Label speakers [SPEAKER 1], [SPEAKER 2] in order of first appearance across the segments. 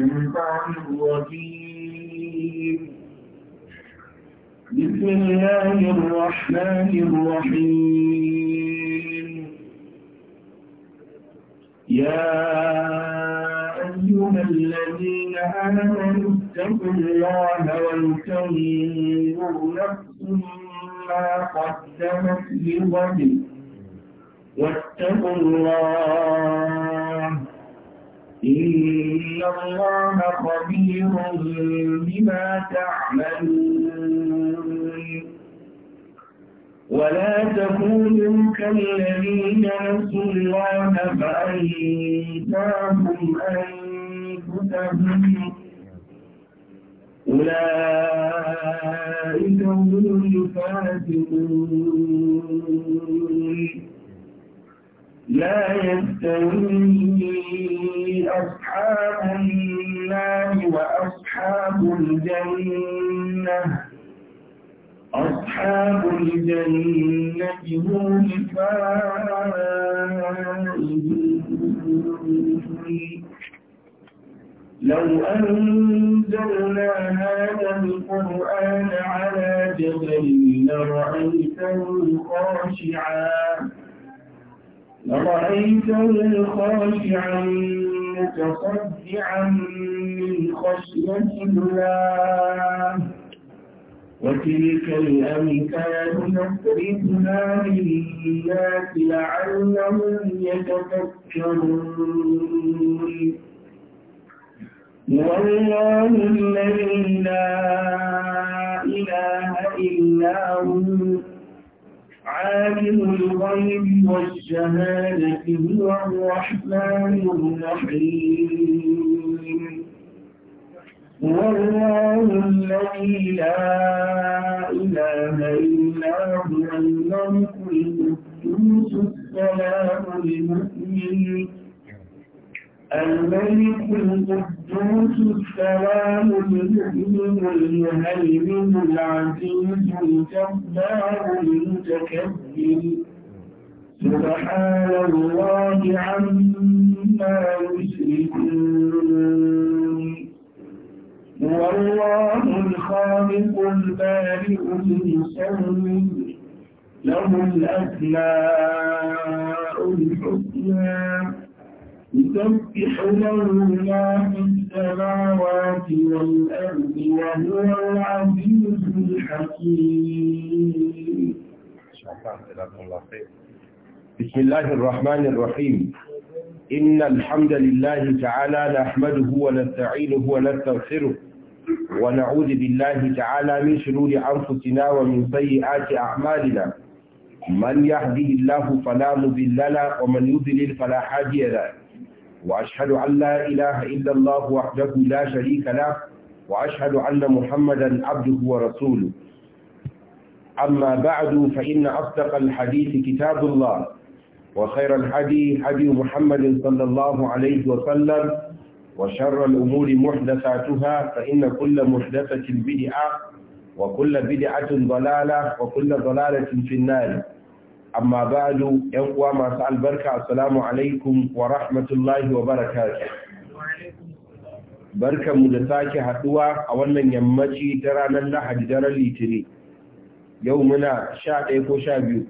[SPEAKER 1] الشيطان الرجيم بسم الله الرحمن الرحيم يا أيها الذين آمنوا اتقوا الله ولتنظر نفس ما قدمت لغد واتقوا الله إن الله خبير بما تعملون ولا تكونوا كالذين نسوا الله فأنساهم أنفسهم أولئك هم الفاسقون لا يستوي أصحاب النار وأصحاب الجنة أصحاب الجنة هم الفائزون لو أنزلنا هذا القرآن على جبل لرأيته خاشعا رأيت الخاشعا متصدعا من خشية الله وتلك الأمثال نضربها للناس لعلهم يتفكرون والله الذي لا إله إلا هو عالم الغيب والشهادة هو الرحمن الرحيم هو الله الذي لا إله إلا هو الملك القدوس السلام المؤمن الملك القدوس السلام المؤمن المهيمن العزيز الجبار المتكبر سبحان الله عما يشركون هو الله الخالق البارئ المصور له الأسماء الحسنى يسبح له ما في السماوات والأرض وهو العزيز
[SPEAKER 2] الحكيم بسم الله الرحمن الرحيم إن الحمد لله تعالى نحمده ونستعينه ونستغفره ونعوذ بالله تعالى من شرور أنفسنا ومن سيئات أعمالنا من يهده الله فلا مضل له ومن يضلل فلا هادي له وأشهد أن لا إله إلا الله وحده لا شريك له وأشهد أن محمدا عبده ورسوله أما بعد فإن أصدق الحديث كتاب الله وخير الحديث حدي محمد صلى الله عليه وسلم وشر الأمور محدثاتها فإن كل محدثة بدعة وكل بدعة ضلالة وكل ضلالة في النار amma ba'du yan uwa masu albarka assalamu alaikum wa rahmatullahi wa Barkan mu da sake haduwa a wannan yammaci ta ranar lahadi daren litini yau muna sha ɗaya ko sha biyu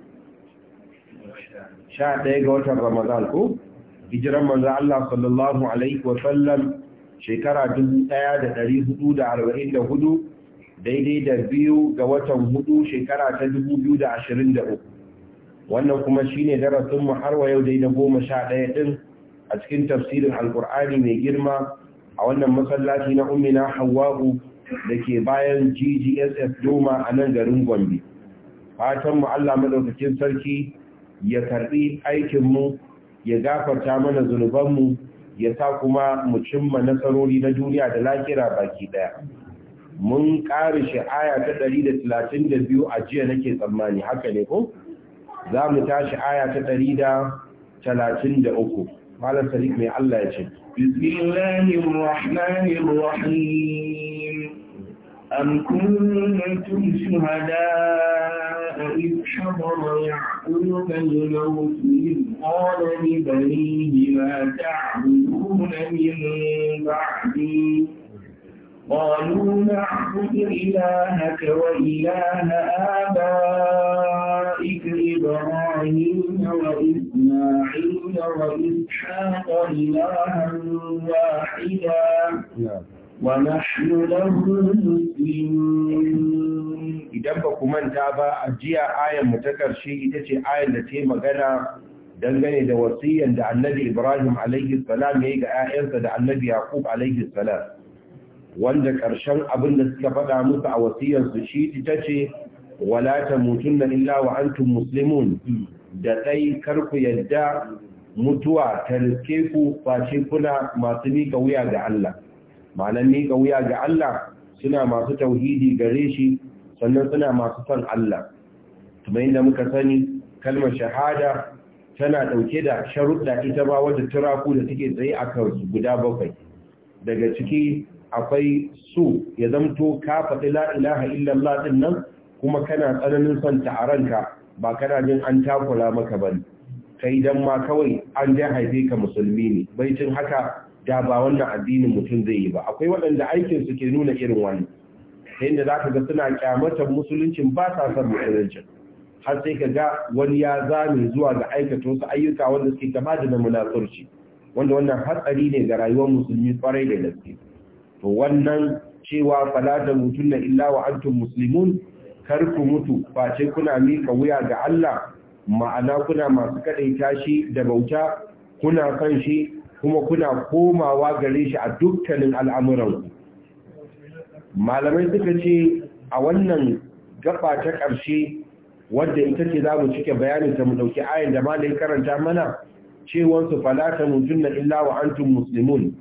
[SPEAKER 2] sha ɗaya ga watan ramadan ko hijiran manzo Allah sallallahu alaihi wa sallam shekara 1444 daidai da biyu ga watan hudu shekara ta 2023 wannan kuma shine darasin mu har wa yau dai na goma sha ɗaya ɗin a cikin tafsirin alkur'ani mai girma a wannan masallaci na ummina hawa'u da ke bayan ggsf doma a nan garin gombe fatan mu allah madaukakin sarki ya karbi mu ya gafarta mana mu ya sa kuma mu cimma nasarori na duniya da lakira baki ɗaya. mun ƙare aya ta 132 a jiya nake tsammani haka ne ko? za mu tashi aya ta ɗari da talatin da uku malam sadiq mai allah ya ce
[SPEAKER 1] bismillahir rahmanir rahim أم كنتم شهداء إذ حضر يعقوب الموت إذ قال لبنيه ما تعبدون من بعدي قالوا نعبد إلهك وإله آبائك إبراهيم وإسماعيل وإسحاق إلها واحدا
[SPEAKER 2] ونحن له مسلمون idan ba ku manta ba a jiya ayan mu ta karshe ita ce ayan da ta yi magana dangane da wasiyan da annabi Ibrahim alaihi salam ya yi ga 'ya'yansa da annabi Yaqub alaihi salam wanda ƙarshen abin da suka faɗa musu a wasiyarsu shi ita ce wala ta na illa wa antum muslimun da ɗai karku yadda mutuwa ta riske ku face kuna masu miƙa wuya ga Allah ma'anar miƙa wuya ga Allah suna masu tauhidi gare shi sannan suna masu son Allah Kuma inda muka sani kalmar shahada tana ɗauke da sharuɗa ita ba wata turaku da suke tsaye a kan guda bakwai daga ciki akwai su ya zamto ka faɗi la ilaha illallah din nan kuma kana tsananin son ta a ba kana jin an takula maka ba ne, kai dan ma kawai an dai haife ka musulmi ne bai baicin haka da ba wannan addinin mutum zai yi ba akwai waɗanda aikin su ke nuna irin wani ta yadda za ka ga suna kyamatar musuluncin ba sa son musuluncin har sai ka ga wani ya zame zuwa ga aikata wasu ayyuka wanda suke gaba da na munafurci wanda wannan hatsari ne ga rayuwar musulmi kwarai da gaske wannan cewa fala da na illa wa antum muslimun kar ku mutu face kuna mika wuya ga Allah ma'ana kuna masu kaɗaita shi da bauta kuna kan shi kuma kuna komawa gare shi a dukkanin al'amuranku malamai suka ce a wannan gaba ta ƙarshe wanda ita ce za mu cike bayanin ta mu ɗauki ayin da malai karanta mana cewansu falata na illa wa antum muslimun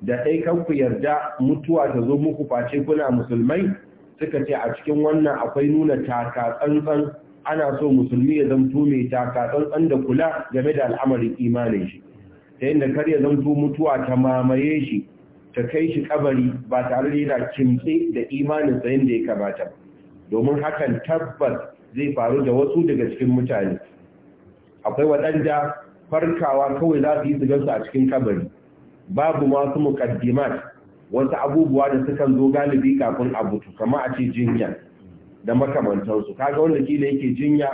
[SPEAKER 2] da ɗai kan ku yarda mutuwa ta zo muku face kuna musulmai suka ce a cikin wannan akwai nuna taka tsantsan ana so musulmi ya zamto mai taka tsantsan da kula game da al'amarin imanin shi ta yadda kar ya zamto mutuwa ta mamaye shi ta kai shi kabari ba tare da yana kimtse da imanin sa yadda ya kamata domin hakan tabbas zai faru da wasu daga cikin mutane akwai waɗanda farkawa kawai za su yi su gansu a cikin kabari babu masu muqaddimat wasu abubuwa da sukan zo galibi kafin a to kamar a ce jinya da makamantansu kaga wanda kila yake jinya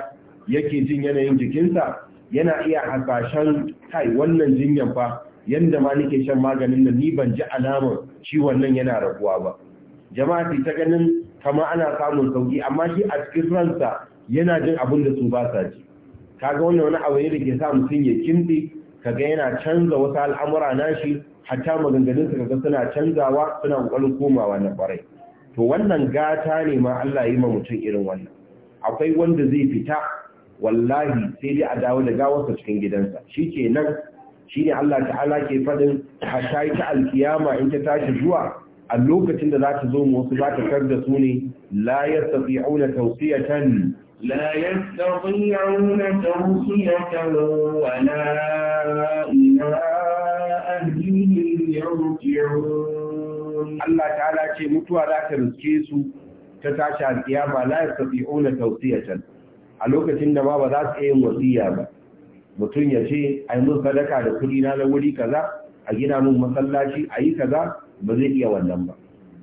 [SPEAKER 2] yake jin yanayin jikinsa yana iya hasashen kai wannan jinyan fa yanda ma nake shan maganin nan ni ban ji alamar ciwon nan yana raguwa ba jama'a ta ganin kama ana samun sauki amma shi a cikin ransa yana jin abin da su ba sa ji kaga wannan wani abu ne da ke sa mutum ya kimbi kaga yana canza wasu al'amura na nashi hatta maganganun su kaga suna canzawa suna kokarin komawa na barai to wannan gata ne ma Allah yi ma mutum irin wannan akwai wanda zai fita wallahi sai dai a dawo da gawarsa cikin gidansa shikenan shine Allah ta'ala ke fadin hatta ta alkiyama in ta tashi zuwa a lokacin da za ta zo mu wasu za ta kar da su ne la yastati'una tawsiyatan
[SPEAKER 1] لا يستطيعون توصية
[SPEAKER 2] ولا إلى أهلهم يرجعون الله تعالى ce mutuwa za ta riske su ta tashi alkiyama a lokacin da ma ba za su yin wasiya ba mutum ya ce ai mun sadaka da kuɗi na na wuri kaza a gina mun masallaci a yi kaza ba zai iya wannan ba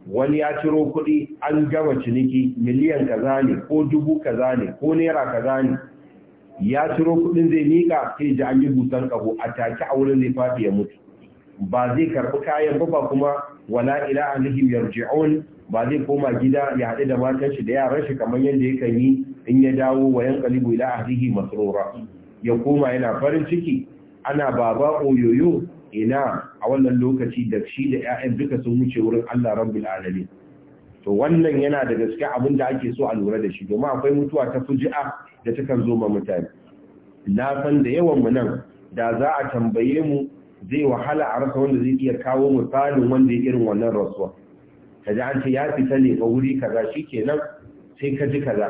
[SPEAKER 2] wani ya ciro kuɗi an gama ciniki miliyan kaza ne ko dubu kaza ne ko naira kaza ne ya ciro kuɗin zai miƙa sai ji an yi busan kaho a take a wurin zai faɗi ya mutu ba zai karɓi kayan ba kuma wala ila alihim yarji'un ba zai koma gida ya haɗu da matan shi da yaran shi kamar yadda ya kan yi in ya dawo wa yan kalibu ila ahlihi masrura ya koma yana farin ciki ana baba oyoyo ina a wannan lokaci da shi da 'ya'yan duka sun wuce wurin Allah rabbil alamin to wannan yana da gaske abin da ake so a lura da shi domin akwai mutuwa ta fuji'a da takan zo ma mutane na san da yawan mu nan da za a tambaye mu zai wahala a rasa wanda zai iya kawo misalin wanda ya irin wannan rasuwa ka ji an ce ya fita ne ga wuri kaza shikenan sai kaji ji kaza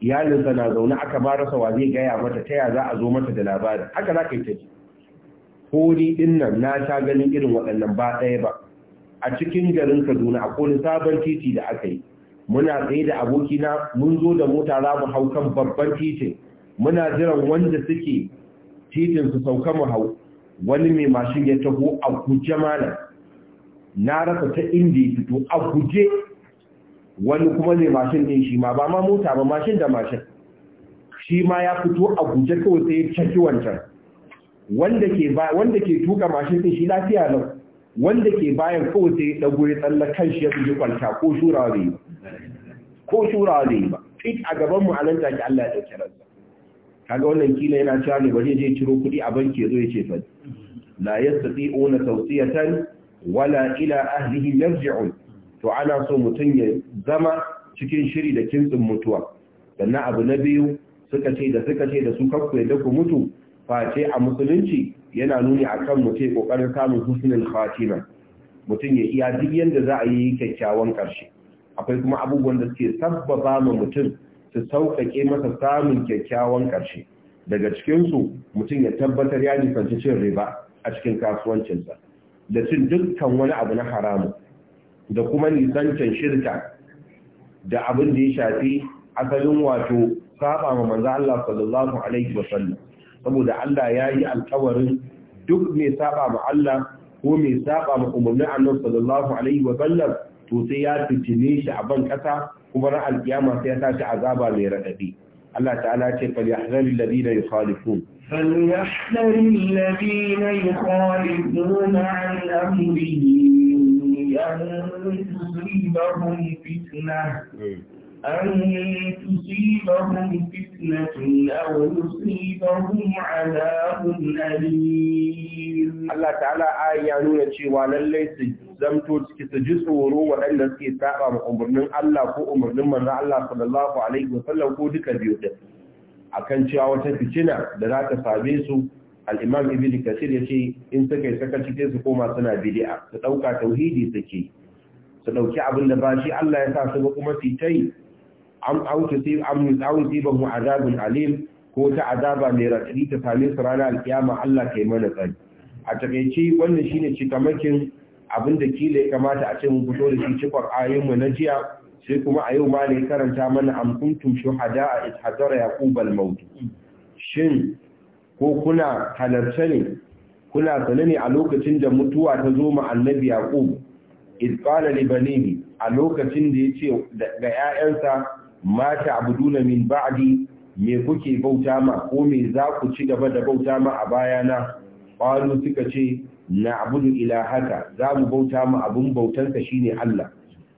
[SPEAKER 2] iyalinsa na zaune aka ba rasa wa zai gaya mata ta ya za a zo mata da labari. haka za ka yi ta ji hori din nan na sha ganin irin waɗannan ba ɗaya ba a cikin garin kaduna a kone sabon titi da aka yi muna tsaye da abokina mun zo da mota za mu hau kan babban titin muna jiran wanda suke titin su sauka mu hau wani mai mashin ya taho a guje mana na rasa ta inda ya fito a guje wani kuma mai mashin din shi ma ba ma mota ba mashin da mashin shi ma ya fito a guje kawai sai ya caki wancan wanda ke ba wanda ke tuka mashin din shi lafiya lau wanda ke bayan kawai sai dago ya tsalla kan shi ya tuje kwanta ko shura zai ba ko shura zai ba fit a gaban mu anan ki Allah ya dauke ransa kaga wannan kila yana cewa ne bari je ciro kuɗi a banki zo ya ce fa la yastati'una tawsiyatan wala ila ahlihi yarji'un to ana so mutum ya zama cikin shiri da kintsin mutuwa na abu na biyu suka ce da suka ce da su kakku da ku mutu face a musulunci yana nuni akan mutum ƙoƙarin samun husnul khatima mutum ya iya duk yadda za a yi kyakkyawan ƙarshe, akwai kuma abubuwan da suke sabbaba ma mutum su sauƙaƙe masa samun kyakkyawan karshe daga cikinsu mutum ya tabbatar ya nisanci cin riba a cikin kasuwancinsa da cin dukkan wani abu na haramu da kuma nisancin shirka da abin da ya shafi asalin wato saba ma manzo Allah sallallahu alaihi wasallam saboda Allah ya yi alkawarin duk mai saba ma Allah ko mai saba ma umarnin annabi sallallahu alaihi wa sallam to sai ya tijine shi a ban kasa kuma ran alkiyama sai ya tashi azaba mai radadi Allah ta'ala ce fal yahzaril ladina yukhalifun فليحذر
[SPEAKER 1] الذين يخالفون عن أمره أن تصيبهم فتنة أن تصيبهم فتنة أو يصيبهم عذاب
[SPEAKER 2] أليم الله تعالى آية يعنون cewa lallai su zamto ciki su ji tsoro waɗanda suke saba wa umarnin Allah ko umarnin manzon Allah sallallahu alaihi ko duka biyu din akan cewa wata fitina da za ta same su al-Imam Ibn Kathir yace in suka yi saka cikin su koma suna bid'a su dauka tauhidi suke su ɗauki abin da ba shi Allah ya sa su ba kuma su An au tusib am au mu azabun alim ko ta azaba mai raɗaɗi ta same su ranar alkiyama Allah kai mana tsari a takaice wannan shine cikamakin abin da kila ya kamata a ce mun fito da shi cikon mu na jiya sai kuma a yau ma ne karanta mana am kuntum shuhada a ishadara yaqub al maut shin ko kuna halarce ne kuna sane ne a lokacin da mutuwa ta zo ma annabi yaqub iz qala li a lokacin da yace ga ƴaƴansa ma ta'buduna min ba'di me kuke bauta ma ko me za ku ci gaba da bauta ma a bayana qalu suka ce na'budu ilahaka za mu bauta ma abun bautanka shine Allah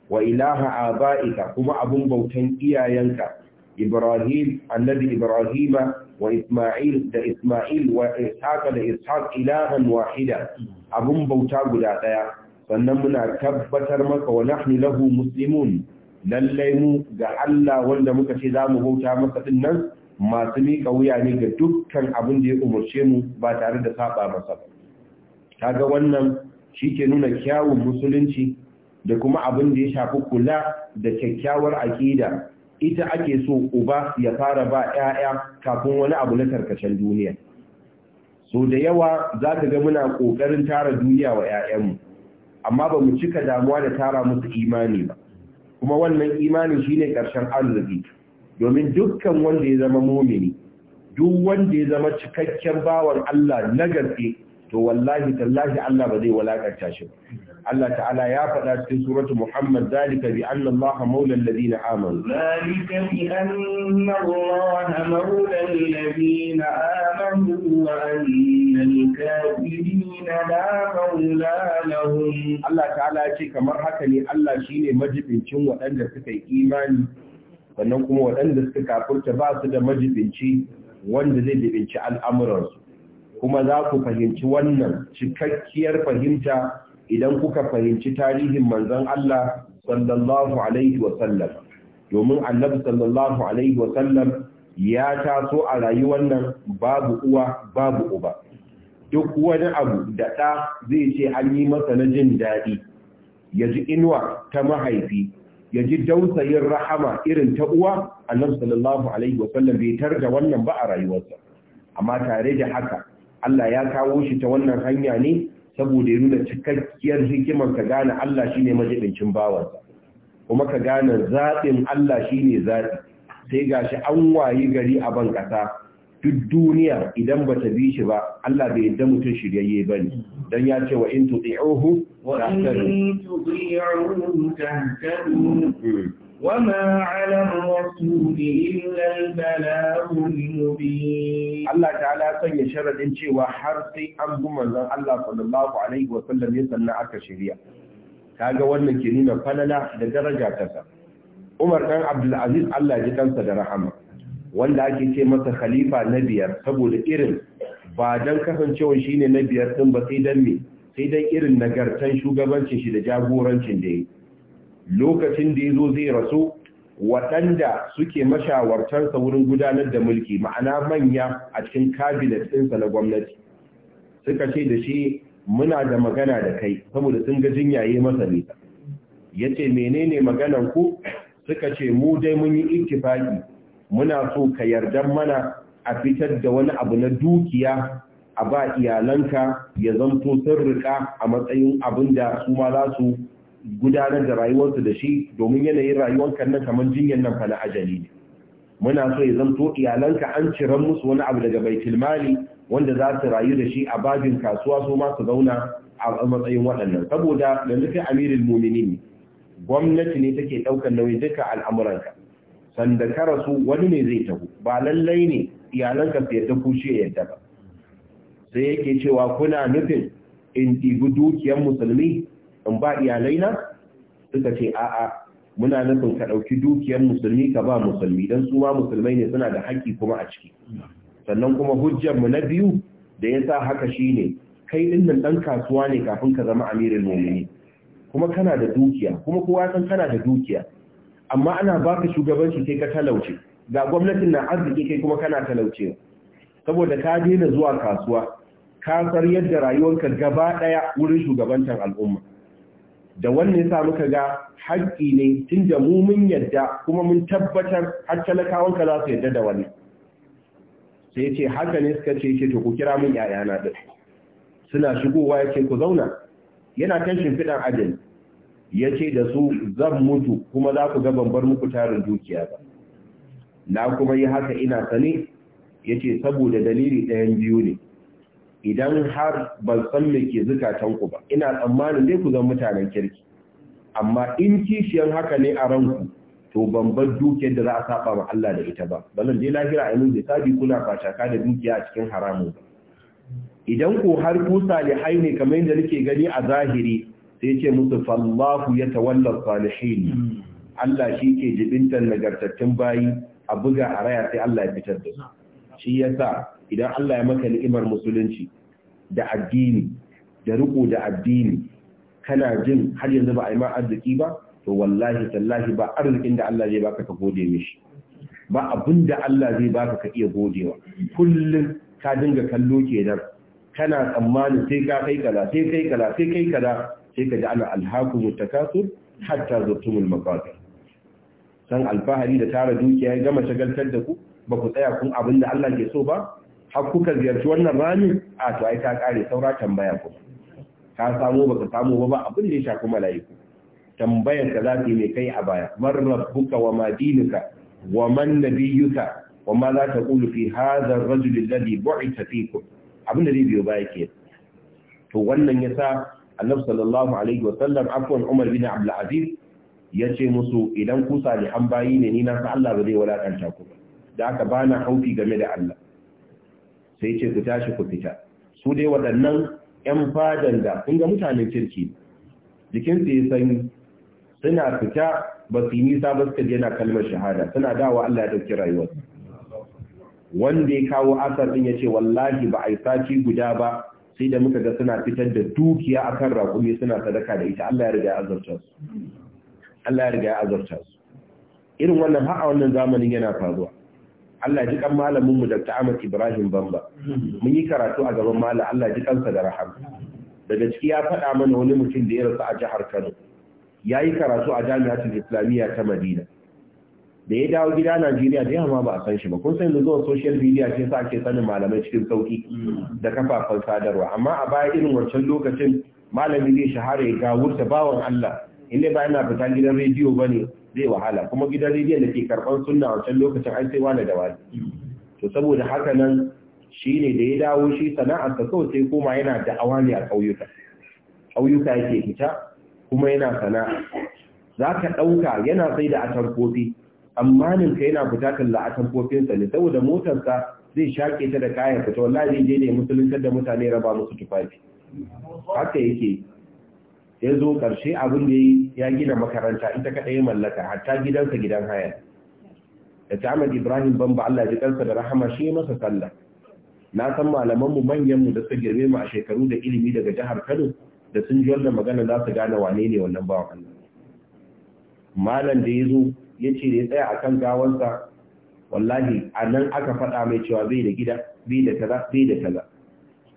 [SPEAKER 2] wa ilaha aba'ika kuma abun bautan iyayenka Ibrahim annabi Ibrahima wa Isma'il da Isma'il wa Ishaq da Ishaq ilahan wahida abun bauta guda daya sannan muna tabbatar maka wa nahnu lahu muslimun lallai mu ga Allah wanda muka ce za mu bauta masa din nan masu miƙa wuya ne ga dukkan abin da ya umarce mu ba tare da saba masa ba kaga wannan shi ke nuna kyawun musulunci da kuma abin da ya shafi kula da kyakkyawar aƙida ita ake so uba ya fara ba 'ya'ya kafin wani abu na tarkacen duniya so da yawa za ka ga muna ƙoƙarin tara duniya wa 'ya'yanmu amma ba mu cika damuwa da tara musu imani ba kuma wannan imanin shine ƙarshen arziki domin dukkan wanda ya zama mumini duk wanda ya zama cikakken bawan Allah na gaske to wallahi tallahi Allah ba zai walakanta shi Allah ta'ala ya faɗa cikin suratu Muhammad zalika bi anna Allah maula alladhina amanu
[SPEAKER 1] zalika bi anna Allah maula alladhina amanu wa anna
[SPEAKER 2] الكافرين لا مولى ce kamar haka ne Allah shine majibincin waɗanda suka yi imani sannan kuma waɗanda suka kafurta ba su da majibinci wanda zai jibinci al'amuransu kuma za ku fahimci wannan cikakkiyar fahimta idan kuka fahimci tarihin manzon Allah sallallahu alaihi wa domin annabi sallallahu alaihi wa ya taso a rayuwar nan babu uwa babu uba duk wani abu da ɗa zai ce an yi masa na jin daɗi ya ji inuwa ta mahaifi Yaji ji dausayin rahama irin ta uwa annabi sallallahu alaihi sallam bai tarda wannan ba a rayuwarsa amma tare da haka Allah ya kawo shi ta wannan hanya ne saboda ya nuna cikakkiyar hikimar ka gane Allah shine majibincin bawansa kuma ka gane zaɓin Allah shine zaɓi sai gashi an wayi gari a ban ƙasa duk duniya idan ba ta bi shi ba Allah bai yadda mutum shiryayye ba ne don ya ce wa in tuɗi ohu
[SPEAKER 1] wama alam rasuli
[SPEAKER 2] illa al-balaghu al-mubin Allah ta'ala sanya sharadin cewa har sai an bi manzon Allah sallallahu alaihi wa sallam ya sanna aka shari'a kaga wannan ke nuna falala da daraja ta sa Umar dan Abdulaziz Allah ya ji kansa da rahama wanda ake ce masa khalifa na biyar saboda irin ba don kasancewa shi ne na biyar din ba sai don me sai don irin nagartan shugabancin shi da jagorancin da ya lokacin da ya zo zai rasu waɗanda suke mashawartarsa wurin gudanar da mulki ma'ana manya a cikin kabinet ɗinsa na gwamnati suka ce da shi muna da magana da kai saboda sun ga jinyaye masa nisa ya ce menene maganan ku suka ce mu dai mun yi ittifaki muna so ka yarda mana a fitar da wani abu na dukiya a ba iyalanka ya zanto sun rika a matsayin abin da su ma za su gudanar da rayuwarsu da shi domin yanayin rayuwar nan kamar jinyar nan fa na ajali ne muna so ya zanto iyalanka an ciran musu wani abu daga baitul mali wanda za su rayu da shi a babin kasuwa su ma su zauna a matsayin waɗannan saboda yanzu kai amirul muminin gwamnati ne take ɗaukar nauyin duka al'amuranka sanda ka rasu wani ne zai tafi ba lallai ne iyalanka su ta ku ya yadda ba sai yake cewa kuna nufin in ɗibi dukiyar musulmi in ba iyalai na suka ce a'a muna nufin ka ɗauki dukiyar musulmi ka ba musulmi don su ma musulmai ne suna da haƙƙi kuma a ciki sannan kuma hujjar mu na biyu da ya sa haka shine kai din nan ɗan kasuwa ne kafin ka zama amirin mumini kuma kana da dukiya kuma kowa san kana da dukiya amma ana baka shugabanci sai ka talauce ga gwamnatin na arziki kai kuma kana talauce saboda ka daina zuwa kasuwa ka san yadda rayuwarka gaba daya wurin shugabantar al'umma da wannan yasa muka ga haƙƙi ne tunda mu mun yadda kuma mun tabbatar har ka za su yadda da wani sai ce haka ne suka ce ce to ku kira mun yayana din suna shigowa yace ku zauna yana kan shimfidan ajin ya ce da su zan mutu kuma za ku gaban bar muku tarin dukiya ba na kuma yi haka ina sane ya ce saboda dalili ɗayan biyu ne idan har ban san me ke zukatanku ba ina tsammanin dai ku zan mutanen kirki amma in kishiyan haka ne a ranku to ban bar dukiyar da za a saba ma Allah da ita ba balan dai lahira a yanzu sabi kuna shaka da dukiya a cikin haramun ba idan ku har kusa salihai ne kamar yadda nake gani a zahiri sai ce musu fallahu ya tawalla salihin hmm. Allah shi ke jibintar nagartattun bayi a buga a raya sai Allah ya fitar da su shi yasa idan Allah ya maka ni'imar musulunci da addini da riko da addini kana jin har yanzu ba a yi ma arziki ba to wallahi tallahi ba arzikin da Allah zai baka ka gode mishi ba abin da Allah zai baka ka iya godewa kullum ka dinga kallo kenan kana tsammanin sai ka kai kaza sai kai kaza sai kai kaza sai ka ji ana alhaku takasur hatta zurtumul maqabir san alfahari da tara dukiya ya gama shagaltar da ku ba ku tsaya kun abin da Allah ke so ba har kuka ziyarci wannan ramin a to ai ta kare saura tambaya ku ka samu baka samu ba ba abin da ya shafi mala'iku tambayar ka za yi mai kai a baya man rabbuka wa ma dinuka wa man nabiyyuka wa ma za ta qulu fi hadha ar-rajul alladhi fikum abin da zai biyo baya ke to wannan yasa annabi sallallahu alaihi wasallam afwan umar bin abdul aziz ya ce musu idan ku salihan bayi ne ni na san Allah ba zai walakanta ku ba da aka bana haufi game da Allah sai ce ku tashi ku fita su dai waɗannan ƴan fadan da kun ga mutanen kirki jikin su ya sanyi suna fita ba su yi nisa ba suka kalmar shahada suna dawa Allah ya dauki rayuwarsu wanda ya kawo asar ɗin ya ce wallahi ba a yi sati guda ba sai da muka ga suna fitar da dukiya akan raƙumi suna sadaka da ita Allah ya riga ya azurta su Allah ya riga ya azurta su irin wannan har wannan zamanin yana faruwa Allah ji kan malamin mu Dr. Ahmad Ibrahim Bamba mun yi karatu a gaban malam Allah ji kansa da rahama daga ciki ya faɗa mana wani mutum da ya rasu a jihar Kano yayi karatu a Jami'atul Islamiyya ta Madina da ya dawo gida Najeriya da yamma ba a san shi ba kun san zuwa social media ce sa ake sanin malamai cikin sauki da kafafen sadarwa amma a baya irin wancan lokacin malami zai shahara ya wurta bawan Allah in inda ba yana fita gidan rediyo ba ne zai wahala kuma gidan rediyo da ke karban sunna wancan lokacin an sai wani da wani to saboda haka nan shi ne da ya dawo shi ta kawai sai koma yana da awa ne a ƙauyuka ƙauyuka yake fita kuma yana sana'a za ka ɗauka yana sai da atarkofi amma nan kai yana fita kan la'atan sa ne saboda motarsa zai shaƙe ta da kayan fita wallahi je ne musulunci da mutane raba musu tufafi haka yake ya zo ƙarshe abin da ya gina makaranta ita kaɗai mallaka hatta gidansa gidan haya da ta Ahmad Ibrahim Bamba Allah ji kansa da rahama shi masa sallah na san malaman mu manyan mu da su girme mu a shekaru da ilimi daga jihar Kano da sun ji wannan magana za su gane wane ne wannan bawan Allah malam da ya zo ya ce da ya tsaya a kan gawansa wallahi a nan aka faɗa mai cewa bai da gida bai da kaza bai da kaza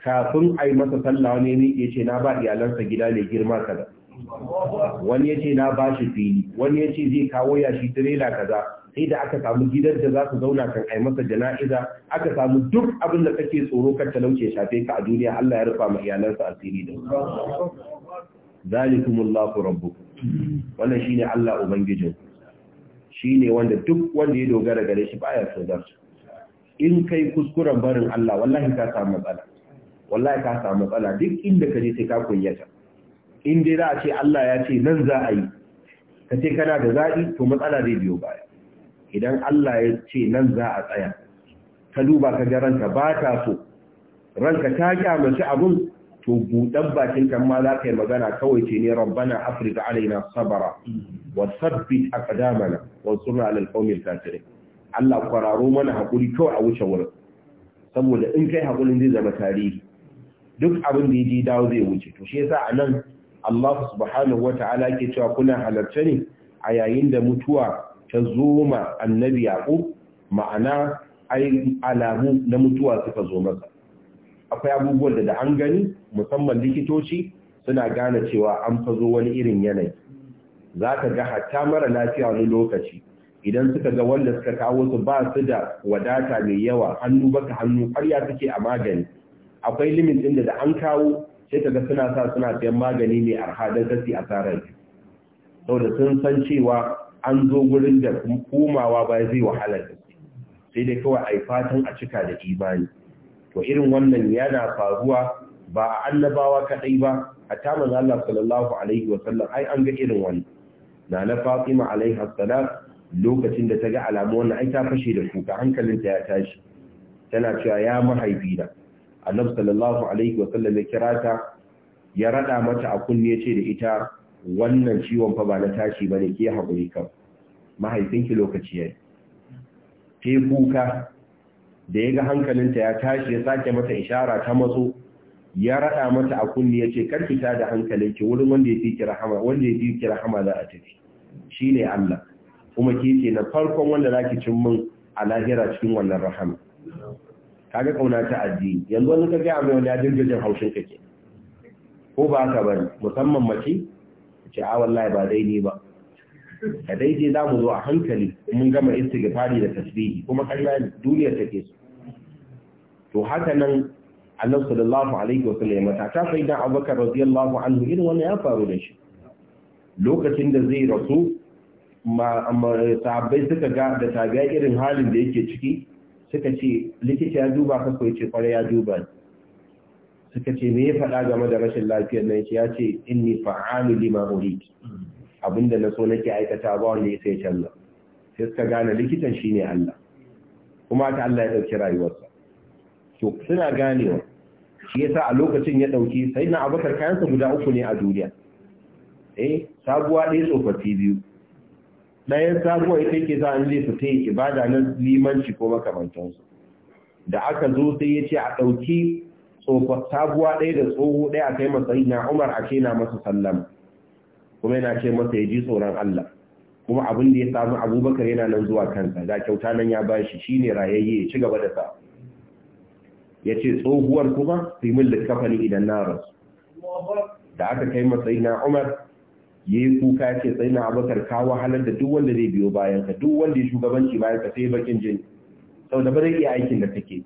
[SPEAKER 2] kafin a yi masa sallah wani ne ya ce na ba iyalansa gida mai girma kaza wani ya ce na ba shi fili wani ya ce zai kawo yashi tirela kaza sai da aka samu gidan da za su zauna kan ai masa jana'iza aka samu duk abin da kake tsoro kan talauce shafe ka a duniya Allah ya rufa ma iyalansa asiri da zalikumullahu rabbukum wannan shine Allah ubangijinku shine wanda duk wanda ya dogara gare shi baya su. in kai kuskuren barin Allah wallahi ka samu matsala wallahi ka samu matsala duk inda ka je sai ka kunyata in dai za a ce Allah ya ce nan za a yi ka ce kana da zaɓi to matsala zai biyo baya idan Allah ya ce nan za a tsaya ka duba ka ga ranka ba ta so ranka ta kyamaci abun to buɗan bakin kan ma za ka yi magana kawai ce ne rabbana afirka alaina sabara wa sabbit ƙadamana wa suna alal qawmil Allah kwararo mana hakuri kawai a wuce wurin saboda in kai hakurin zai zama tarihi duk abin da ya ji dawo zai wuce to shi yasa nan? Allah subhanahu ta'ala ke cewa kuna halarce ne a yayin da mutuwa ta zo ma annabi yaqub ma'ana ai alamu na mutuwa suka zo masa akwai abubuwan da da an gani musamman likitoci suna gane cewa an fazo wani irin yanayi za ka ga hatta mara lafiya wani lokaci idan suka ga wanda suka kawo su ba su da wadata mai yawa hannu baka hannu ƙarya suke a magani akwai limit ɗin da da an kawo sai ka ga suna sa suna sayan magani mai arha don kasi a tsarar saboda sun san cewa an zo gurin da komawa ba zai wahala sai dai kawai a yi fatan a cika da imani to irin wannan yana faruwa ba a annabawa kaɗai ba a taman Allah sallallahu alaihi wa sallam ai an ga irin wani na na Fatima alaihi salam lokacin da ta ga alamu wannan ai ta fashe da kuka hankalinta ya tashi tana cewa ya mahaifi da annabi sallallahu alaihi wa sallam ya kira ta ya rada mata a kunne ce da ita wannan ciwon fa ba na tashi bane ke haƙuri kan mahaifinki lokaci yayi Ke kuka da ya ga hankalinta ya tashi ya sake mata ishara ta matso ya rada mata a kunni ya ce kar fita da hankalinki wurin wanda ya fi ki rahama wanda ya fi ki rahama za a tafi shine Allah kuma ke ce na farkon wanda zaki cin min a lahira cikin wannan rahama kaga kauna ta addini yanzu wani ka gaya mai wani ya jirgin jin haushin kake ko ba ka bari? musamman mace ce a wallahi ba dai ni ba a daidai za mu zo a hankali mun gama istighfari da tasbihi kuma kalla duniya take su to haka nan Allah sallallahu alaihi wa sallam mata ta sai da Abubakar radiyallahu anhu irin wannan ya faru da shi lokacin da zai rasu sahabbai suka ga da tabiya irin halin da yake ciki suka ce likita ya duba ka ko ce kware ya duba suka ce me ya faɗa game da rashin lafiyar nan ya ce inni fa'alu lima urid abinda na so nake aikata ba wanda ya sai canza sai suka gane likitan shine Allah kuma ta Allah ya dauki rayuwarsa to suna ganewa shi yasa a lokacin ya dauki sai na abakar kayansa guda uku ne a duniya eh sabuwa ɗaya tsofaffi biyu ɗayan sabuwa ita yake za a zai su ta yi ibada na limanci ko makamantansu da aka zo sai ya ce a ɗauki sabuwa ɗaya da tsoho ɗaya a kai masa na umar a na masa sallama kuma yana ce masa ya ji tsoron Allah kuma abin da ya samu abubakar yana nan zuwa kansa ga kyauta nan ya bashi shi ne rayayye ya ci gaba da sa ya ce tsohuwar kuma su yi min littafani idan na rasu da aka kai masa ina umar ya yi kuka ya ce tsayi abubakar ka wahalar da duk wanda zai biyo bayan ka duk wanda ya shugabanci bayan ka sai bakin jini sau da ba zai iya aikin da take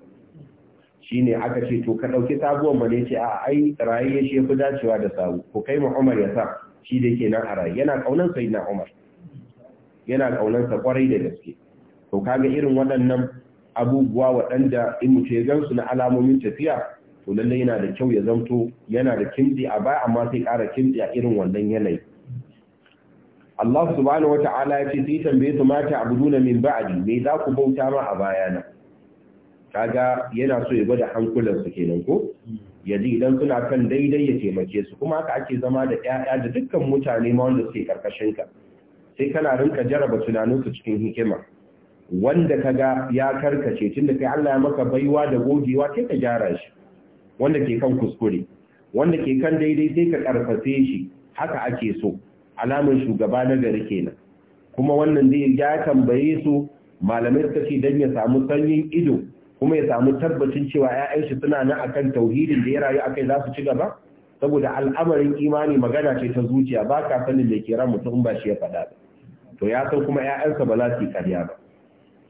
[SPEAKER 2] shi ne aka ce to ka ɗauki sabuwar ne ce a ai rayayye shi ya fi dacewa da sabu ko kai ma umar ya sa shi da yake nan a rayu yana kaunan na Umar yana kaunan sa kwarai da gaske to kaga irin waɗannan abubuwa waɗanda in mutum ya gansu na alamomin tafiya to lalle yana da kyau ya zanto yana da kimdi a baya amma sai ƙara kimdi a irin wannan yanayi Allah subhanahu wata'ala ya ce sai tambaye su mata abuduna min ba'di me za ku bauta ma a bayana kaga yana so ya gwada hankulan su kenan ko ya idan suna kan daidai ya taimake su kuma haka ake zama da ƴaƴa da dukkan mutane ma wanda suke karkashin ka sai kana rinka jaraba tunanin su cikin hikima wanda kaga ya karkace tunda kai Allah ya maka baiwa da gogewa sai ka gyara shi wanda ke kan kuskure wanda ke kan daidai sai ka karfafe shi haka ake so alamar shugaba na gari kenan kuma wannan zai ya tambaye su malamai suka ce dan ya samu sanyin ido kuma ya samu tabbacin cewa shi suna nan akan tauhidin da ya rayu a kai za su ci gaba saboda al'amarin imani magana ce ta zuciya ba ka sanin da ke ran mutum ba shi ya faɗa ba to ya san kuma ‘ya'yansa ba za su yi karya ba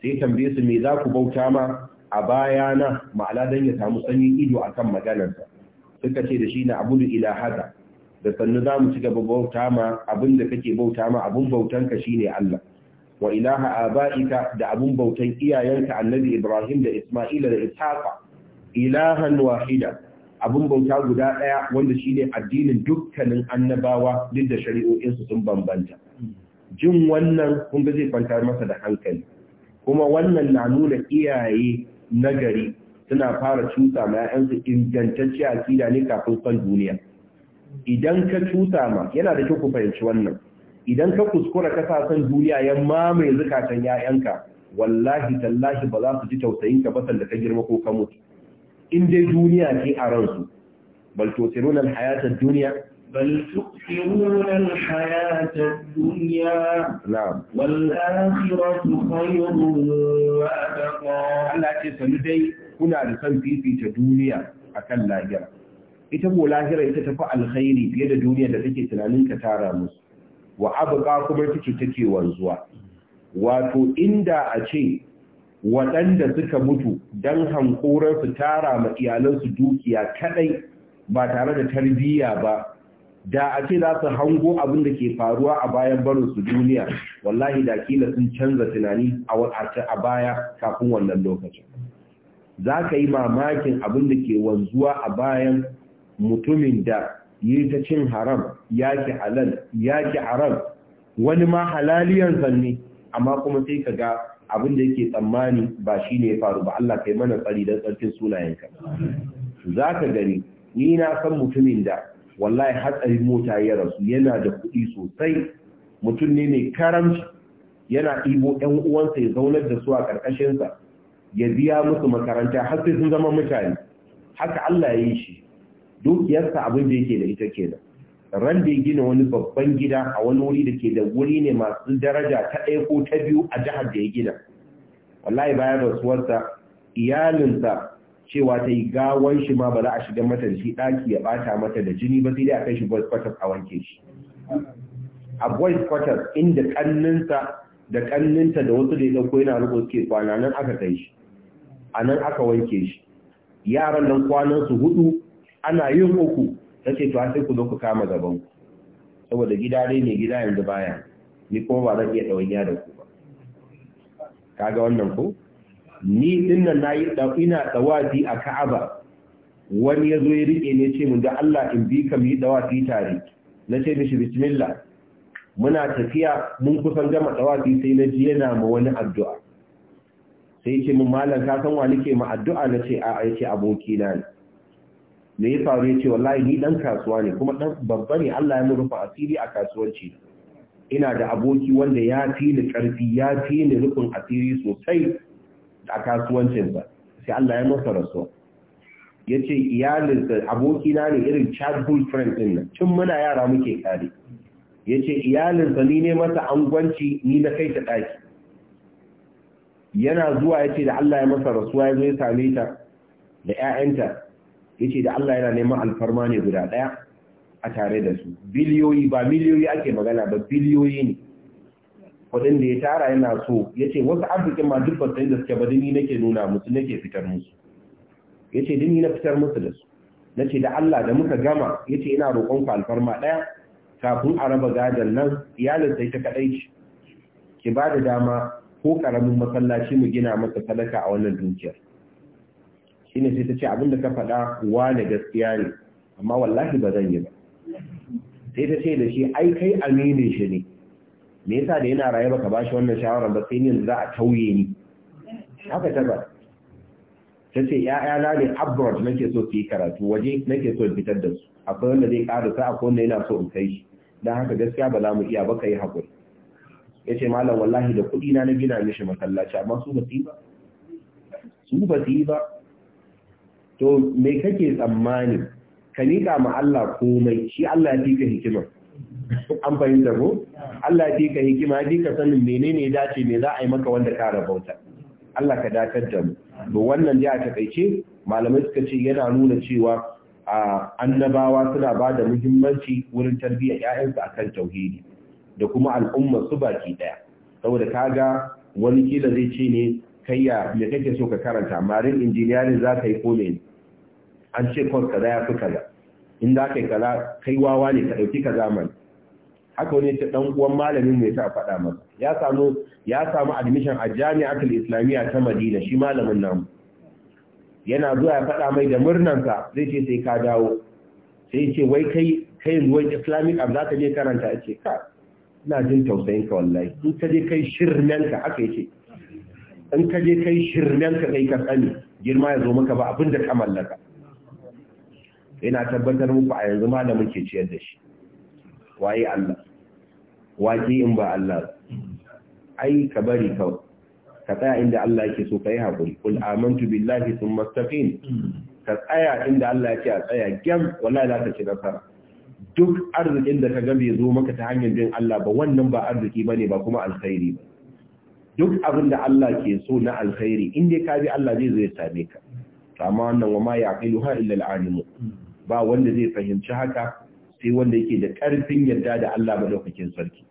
[SPEAKER 2] sai tambaye su me za ku bauta ma a baya na ma'ala don ya samu sanyin ido akan maganarsa suka ce da shi na abu ila hada da sannu za mu ci gaba bauta ma abin da kake bauta ma abin bautanka shine Allah wa ilaha aba'ika da abun bautan iyayenka annabi Ibrahim da Isma'ila da Ishaqa ilahan wahida abun bauta guda daya wanda shine addinin dukkanin annabawa duk da shari'o'insu sun bambanta jin wannan kun ga zai kwantar masa da hankali kuma wannan na nuna iyaye nagari suna fara cuta ma su ingantacciya kida ne kafin son duniya idan ka cuta ma yana da kyau ku fahimci wannan idan ka kuskura ka sa san duniya ya mamaye zukatan ‘ya'yanka wallahi tallahi ba za su ji tausayinka ba sanda ka girma ko ka mutu in dai duniya ce a ransu bal tusirun alhayatar duniya
[SPEAKER 1] bal tusirun alhayatar
[SPEAKER 2] duniya na'am wal akhiratu khayrun wa abqa Allah ce sanu dai kuna da san fifita duniya akan lahira ita ko lahira ita tafi alkhairi fiye da duniya da take tunanin ka tara musu wa abuka kuma ita take wanzuwa wato inda a ce waɗanda suka mutu don hankorarsu su tara ma iyalansu dukiya kadai ba tare da tarbiyya ba da a ce za su hango abin da ke faruwa a bayan barin su duniya wallahi da kila sun canza tunani a a baya kafin wannan lokacin za ka yi mamakin abin da ke wanzuwa a bayan mutumin da yi ta cin haram ya ki halal ya ki haram wani ma halaliyar zanne amma kuma sai ka ga abin da yake tsammani ba shi ne ya faru ba Allah kai mana tsari don tsarkin sunayenka za ka gani ni na san mutumin da wallahi hatsarin mota ya rasu yana da kuɗi sosai mutum ne mai karamci yana ɗibo ‘yan uwansa ya zaunar da su a ƙarƙashinsa ya biya musu makaranta har sai sun zama mutane haka Allah ya yi shi dukiyarsa abin da yake da ita ke da, ran da ya gina wani babban gida a wani wuri da ke da wuri ne masu daraja ta ɗaya ko ta biyu a jihar da ya gina wallahi bayan rasuwarsa iyalinsa cewa ta yi gawan shi ma ba za a shiga mata da shi ɗaki ya ɓata mata da jini ba sai dai a kai shi boys quarters a wanke shi a boys quarters inda ƙanninsa da ƙanninta da wasu da ya ɗauko yana riko suke kwana nan aka kai shi a nan aka wanke shi yaran nan kwanansu hudu ana yin uku ta ce to sai ku zo ku kama gaban ku saboda gida dai ne gida yanzu baya ni kuma ba zan iya ɗawainiya da ku ba kaga wannan ku? ni dinnan nayi ina dawafi a Ka'aba wani ya zo ya rike ne ce mun da Allah in bi ka mu yi dawafi tare na ce mishi bismillah muna tafiya mun kusan gama dawafi sai na ji yana ma wani addu'a sai ce mun malam ka san wa nake ma addu'a na ce a ai ce aboki ne me ya faru ya ce wallahi ni dan kasuwa ne kuma dan babba ne Allah ya murfa asiri a kasuwanci ina da aboki wanda ya fi ni karfi ya fi ni rufin asiri sosai a ba sai Allah ya masa rasuwa ya ce iyalinsa abokina ne irin Chad bull friend din nan tun muna yara muke kare ya ce iyalinsa ni ne masa angwanci ni na kai ta daki? yana zuwa ya ce da Allah ya masa rasuwa ya zo ya same ta da ‘ya'yanta yace da Allah yana neman alfarma ne guda ɗaya a tare da su biliyoyi ba miliyoyi ake magana ba biliyoyi ne kudin da ya tara yana so yace wasu arzikin ma duk basu da suke ba dini nake nuna musu nake fitar musu yace dini na fitar musu da su nace da Allah da muka gama yace ina roƙon ku alfarma ɗaya kafin a raba gadon nan iyalin sai ta kadai ce ki ba da dama ko karamin masallaci mu gina masa sadaka a wannan dukiyar ne sai ta ce abinda ka faɗa wane gaskiya ne amma wallahi ba zan yi ba sai ta ce da shi ai kai aminin shi ne me yasa da yana rayuwa ka bashi wannan shawara ba sai yanzu za a tauye ni haka ta ba ta ce ‘ya'yana ne abroad nake so su yi karatu waje nake so fitar da su akwai wanda zai ƙara sa akwai wanda yana so in kai shi don haka gaskiya ba za mu iya ba ka yi haƙuri ya ce malam wallahi da kuɗi na na gina mishi masallaci amma su ba su ba su yi ba to me kake tsammani ka nika ma Allah komai shi Allah ya fi ka hikima an fahimta ko Allah ya fi ka hikima ya fi ka sanin menene ya dace me za a yi maka wanda ka rabauta Allah ka dakatar da mu to wannan dai a takaice malamai suka ce yana nuna cewa annabawa suna ba da muhimmanci wurin tarbiyyar ƴaƴansu akan tauhidi da kuma al'umma su baki ɗaya saboda kaga wani kila zai ce ne kayya me kake so ka karanta marin injiniyarin za ka yi ko ne an ce kawai kaza ya fi kaza in aka yi kaza kai wawa ne ka ɗauki kaza man haka wani ta ɗan uwan malamin ne ta faɗa masa ya samu ya samu admission a jami'atul islamiyya ta madina shi malamin namu yana zuwa ya faɗa mai da murnansa zai ce sai ka dawo sai ce wai kai kai ruwan islamic abu za je karanta a ce ka ina jin tausayin ka wallahi in ka je kai shirmen ka yi yace in ka je kai shirmen ka kai ka sani girma ya zo maka ba abin da ka mallaka ina tabbatar muku a yanzu ma da muke ciyar da shi waye Allah waje in ba Allah ai ka bari kawai ka tsaya inda Allah yake so kai hakuri kul amantu billahi thumma istaqim ka tsaya inda Allah yake a tsaya gam wallahi za ka ci nasara duk arzikin da ka ga bai zo maka ta hanyar bin Allah ba wannan ba arziki bane ba kuma alkhairi ba duk abin da Allah ke so na alkhairi in dai ka bi Allah zai zo ya same ka amma wannan wa ma yaqiluha illa al-alimu ba wanda zai fahimci haka sai wanda yake da ƙarfin yarda da Allah madaukakin sarki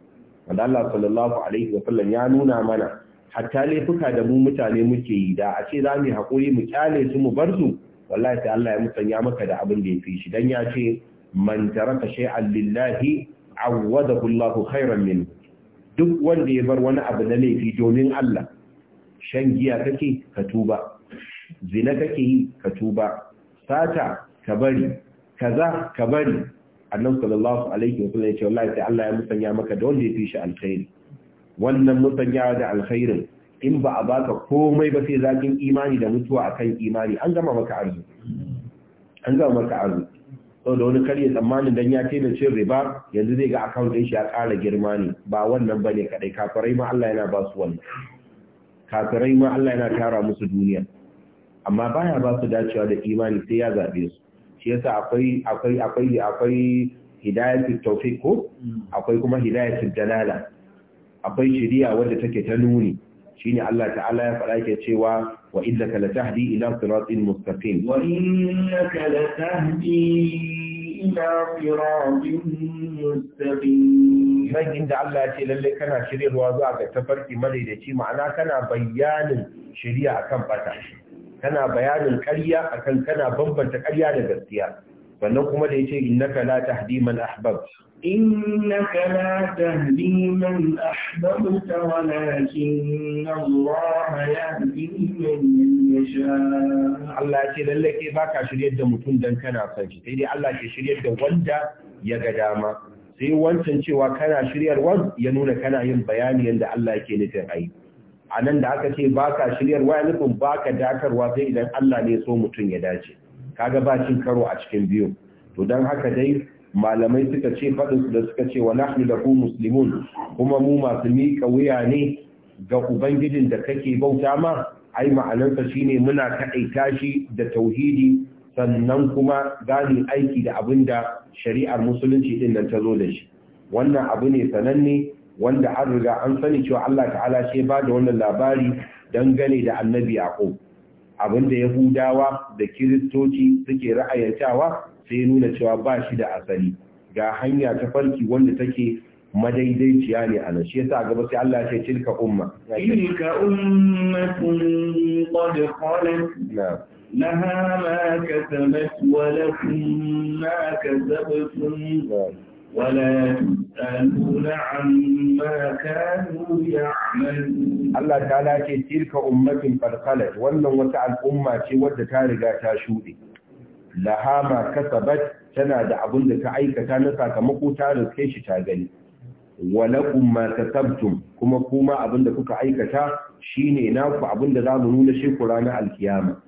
[SPEAKER 2] wanda Allah sallallahu alaihi wa sallam ya nuna mana hatta laifuka da mu mutane muke yi da a ce za mu haƙuri mu kyale su mu bar su wallahi sai Allah ya musanya maka da abin da ya fi shi dan ya ce man taraka shay'an lillahi awwadahu Allah khairan min duk wanda ya bar wani abu na laifi domin Allah shan giya kake ka tuba zina kake yi ka tuba sata ka bari kaza ka bari annabi sallallahu alaihi sallam ya ce wallahi sai Allah ya musanya maka da wanda ya fi shi alkhairi wannan musanya da alkhairin in ba a baka komai ba sai zakin imani da mutuwa akan imani an gama maka arziki an gama maka arziki sau da wani karye tsammanin dan ya ce da cin riba yanzu zai ga account din shi ya ƙara girma ne ba wannan bane kadai kafirai ma Allah yana ba su wannan kafirai ma Allah yana tara musu duniya amma baya ba su dacewa da imani sai ya zaɓe su shi yasa akwai akwai akwai akwai hidayatul tawfiq ko mm. akwai kuma hidayatul dalala akwai shiriya wadda take ta nuni shine Allah ta'ala ya faɗa ke cewa wa innaka latahdi ila siratin mustaqim
[SPEAKER 1] wa innaka latahdi
[SPEAKER 2] ila siratin mustaqim nan inda Allah ya ce lalle kana shiryarwa zuwa ga tafarki madaidaici ma'ana kana bayanin shiriya akan bata tana bayanin ƙarya akan kana bambanta ƙarya da gaskiya wannan kuma da yace innaka la tahdi man ahbab
[SPEAKER 1] innaka la tahdi man ahbabta walakin Allah yahdi
[SPEAKER 2] man yasha Allah ce lalle ba baka shiryar da mutum dan kana son shi sai dai Allah ke shiryar da wanda ya ga dama sai wancan cewa kana shiryar shiryarwa ya nuna kana yin bayani yanda Allah yake nufin ayi a nan da aka ce ba ka shiryarwa ya nufin ba ka dakarwa sai idan Allah ne so mutum ya dace kaga ba cin karo a cikin biyu to don haka dai malamai suka ce faɗinsu da suka ce wa nahnu lahu muslimun kuma mu masu miƙa wuya ne ga ubangijin da kake bauta ma ai ma'anarsa shine muna kaɗaita shi da tauhidi sannan kuma gane aiki da abin da shari'ar musulunci din nan ta zo da shi wannan abu ne sananne wanda an riga an sani cewa Allah ta'ala ce ba da wannan labari dangane da annabi Yaqub abinda Yahudawa da Kiristoci suke ra'ayantawa sai nuna cewa ba shi da asali ga hanya ta farki wanda take madaidaiciya ne a nan shi yasa gaba sai Allah ce tilka umma
[SPEAKER 1] tilka ummatun qad khalat laha ma kasabat wa lakum ma kasabtum ولا تسألون عما
[SPEAKER 2] كانوا يعملون الله تعالى ce tilka ummatin qalqalat wannan wata al'umma ce wadda ta riga ta shuɗe Lahama kasabat tana da abin da ta aikata na sakamako ta riske shi ta gani walakum kuma kuma abin da kuka aikata shine naku abin da mu nuna shi ku ranar alkiyama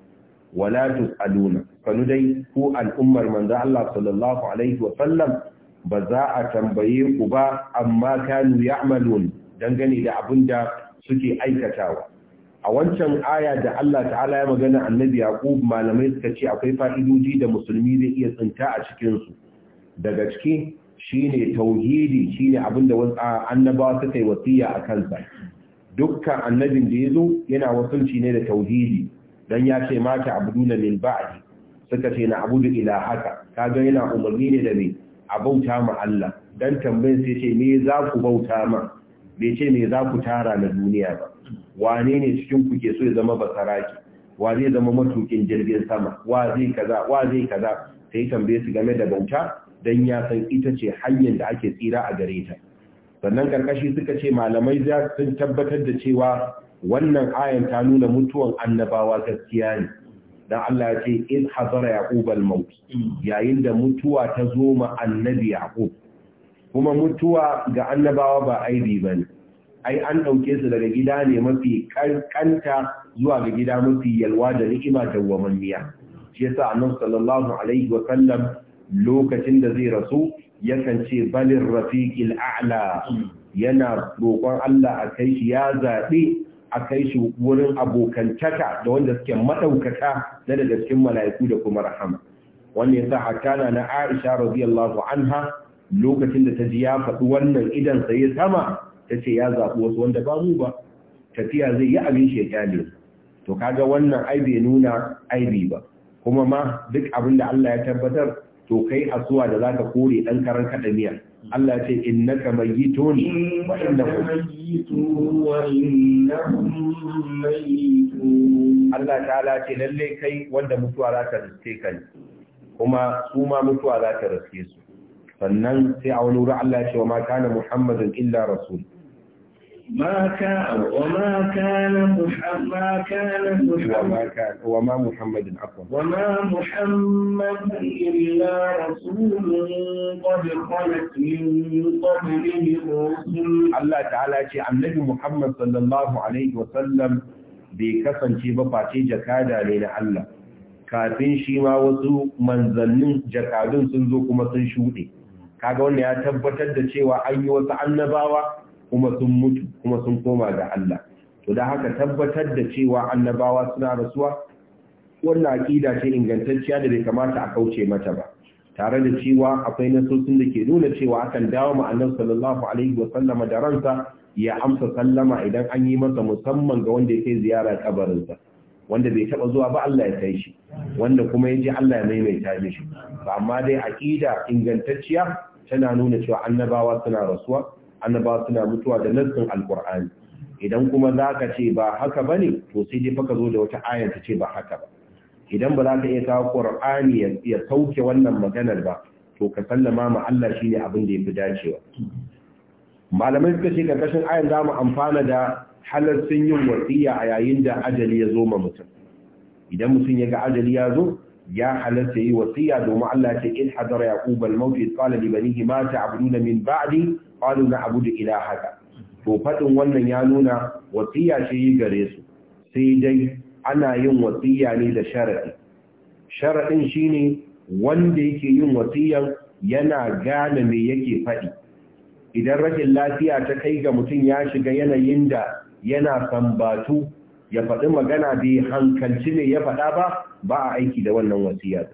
[SPEAKER 2] wala tusaluna kanu dai ku al'ummar manzo Allah sallallahu alaihi wa ba za a tambaye ku ba amma kanu ya'malun dangane da abin da suke aikatawa a wancan aya da Allah ta'ala ya magana annabi yaqub malamai suka ce akwai fa'idoji da musulmi zai iya tsinta a cikin su daga ciki shine tauhidi shine abinda da annabawa suka yi wasiya a kansa dukkan annabin da ya zo yana wasulci ne da tauhidi dan ya ce mata abuduna lil ba'di suka ce na abudu ila haka kaga yana umarni ne da ni a bauta ma Allah dan tambayin sai ce me za ku bauta ma bai ce me za ku tara na duniya ba wane ne cikin ku ke so ya zama basaraki wa zai zama matukin jirgin sama wa zai kaza wa zai kaza sai tambaye su game da bauta dan ya san ita ce hanyar da ake tsira a gare ta sannan karkashi suka ce malamai za sun tabbatar da cewa wannan ayan ta nuna mutuwan annabawa gaskiya ne dan Allah ya ce in hazara yaqub al-maut yayin da mutuwa ta zo ma annabi yaqub kuma mutuwa ga annabawa ba aibi bane ai an dauke su daga gida ne mafi kankanta zuwa ga gida mafi yalwa da ni'ima wamanniya shi yasa annabi sallallahu alaihi wa sallam lokacin da zai rasu yakan ce balin rafiqil a'la yana roƙon Allah a kai shi ya zaɓe. a kai shi wurin abokantaka da wanda suke madaukaka na daga cikin mala'iku da kuma rahama wannan yasa hatta na Aisha radiyallahu anha lokacin da ta ji ya faɗi wannan idan sai ya sama ta ce ya zaɓi wasu wanda ba mu ba tafiya zai yi abin shi ya kyale to kaga wannan ai bai nuna aibi ba kuma ma duk abin da Allah ya tabbatar to kai asuwa da zaka kore dan karan kadamiya Allah ce innaka mayyitun wa innahum mayyitun Allah ta'ala ce lalle kai wanda mutuwa za ta riske ka kuma su ma mutuwa za ta riske su sannan sai a wani wuri Allah ce wa ma kana muhammadun illa rasul
[SPEAKER 1] ما كان وما كان ما كان وما
[SPEAKER 2] كان وما محمد عفوا
[SPEAKER 1] وما محمد إلا
[SPEAKER 2] رسول قد خلت من قبله الرسل الله تعالى ce annabi Muhammad sallallahu bai kasance ba face jakada ne na Allah kafin shi ma wasu manzannin jakadun sun zo kuma sun shuɗe kaga wannan ya tabbatar da cewa an yi wasu annabawa kuma sun mutu kuma sun koma ga Allah to da haka tabbatar da cewa annabawa suna rasuwa wannan aqida ce ingantacciya da bai kamata a kauce mata ba tare da cewa akwai nasosin da ke nuna cewa akan dawo ma annabi sallallahu alaihi wa sallama da ransa ya amsa sallama idan an yi masa musamman ga wanda ya ziyara kabarin sa wanda bai taba zuwa ba Allah ya kai shi wanda kuma ya je Allah ya maimaita mishi amma dai aqida ingantacciya tana nuna cewa annabawa suna rasuwa annaba suna mutuwa da nassin alqur'ani idan kuma zaka ce ba haka bane to sai dai faka zo da wata aya ta ce ba haka ba idan ba za ka iya kawo qur'ani ya sauke wannan maganar ba to ka sallama ma Allah shine abin da ya yafi dacewa malamai suka ce ƙarƙashin ayan za mu amfana da halarcin yin wasiya a yayin da ajali ya zo ma mutum idan mutum ya ga ajali ya zo ya حلت yi wasiya domin Allah ce in hadara yaqub al-maut qala li banihi ma ta'buduna min ba'di to fadin wannan ya nuna wasiya ce yi gare su sai dai ana yin wasiya ne da sharadi sharadin shine wanda yake yin wasiyan yana gane me yake faɗi idan rashin lafiya ta kai ga mutum ya shiga yanayin da yana sambatu ya faɗi magana bai hankalci ne ya faɗa ba ba a aiki da wannan wasiya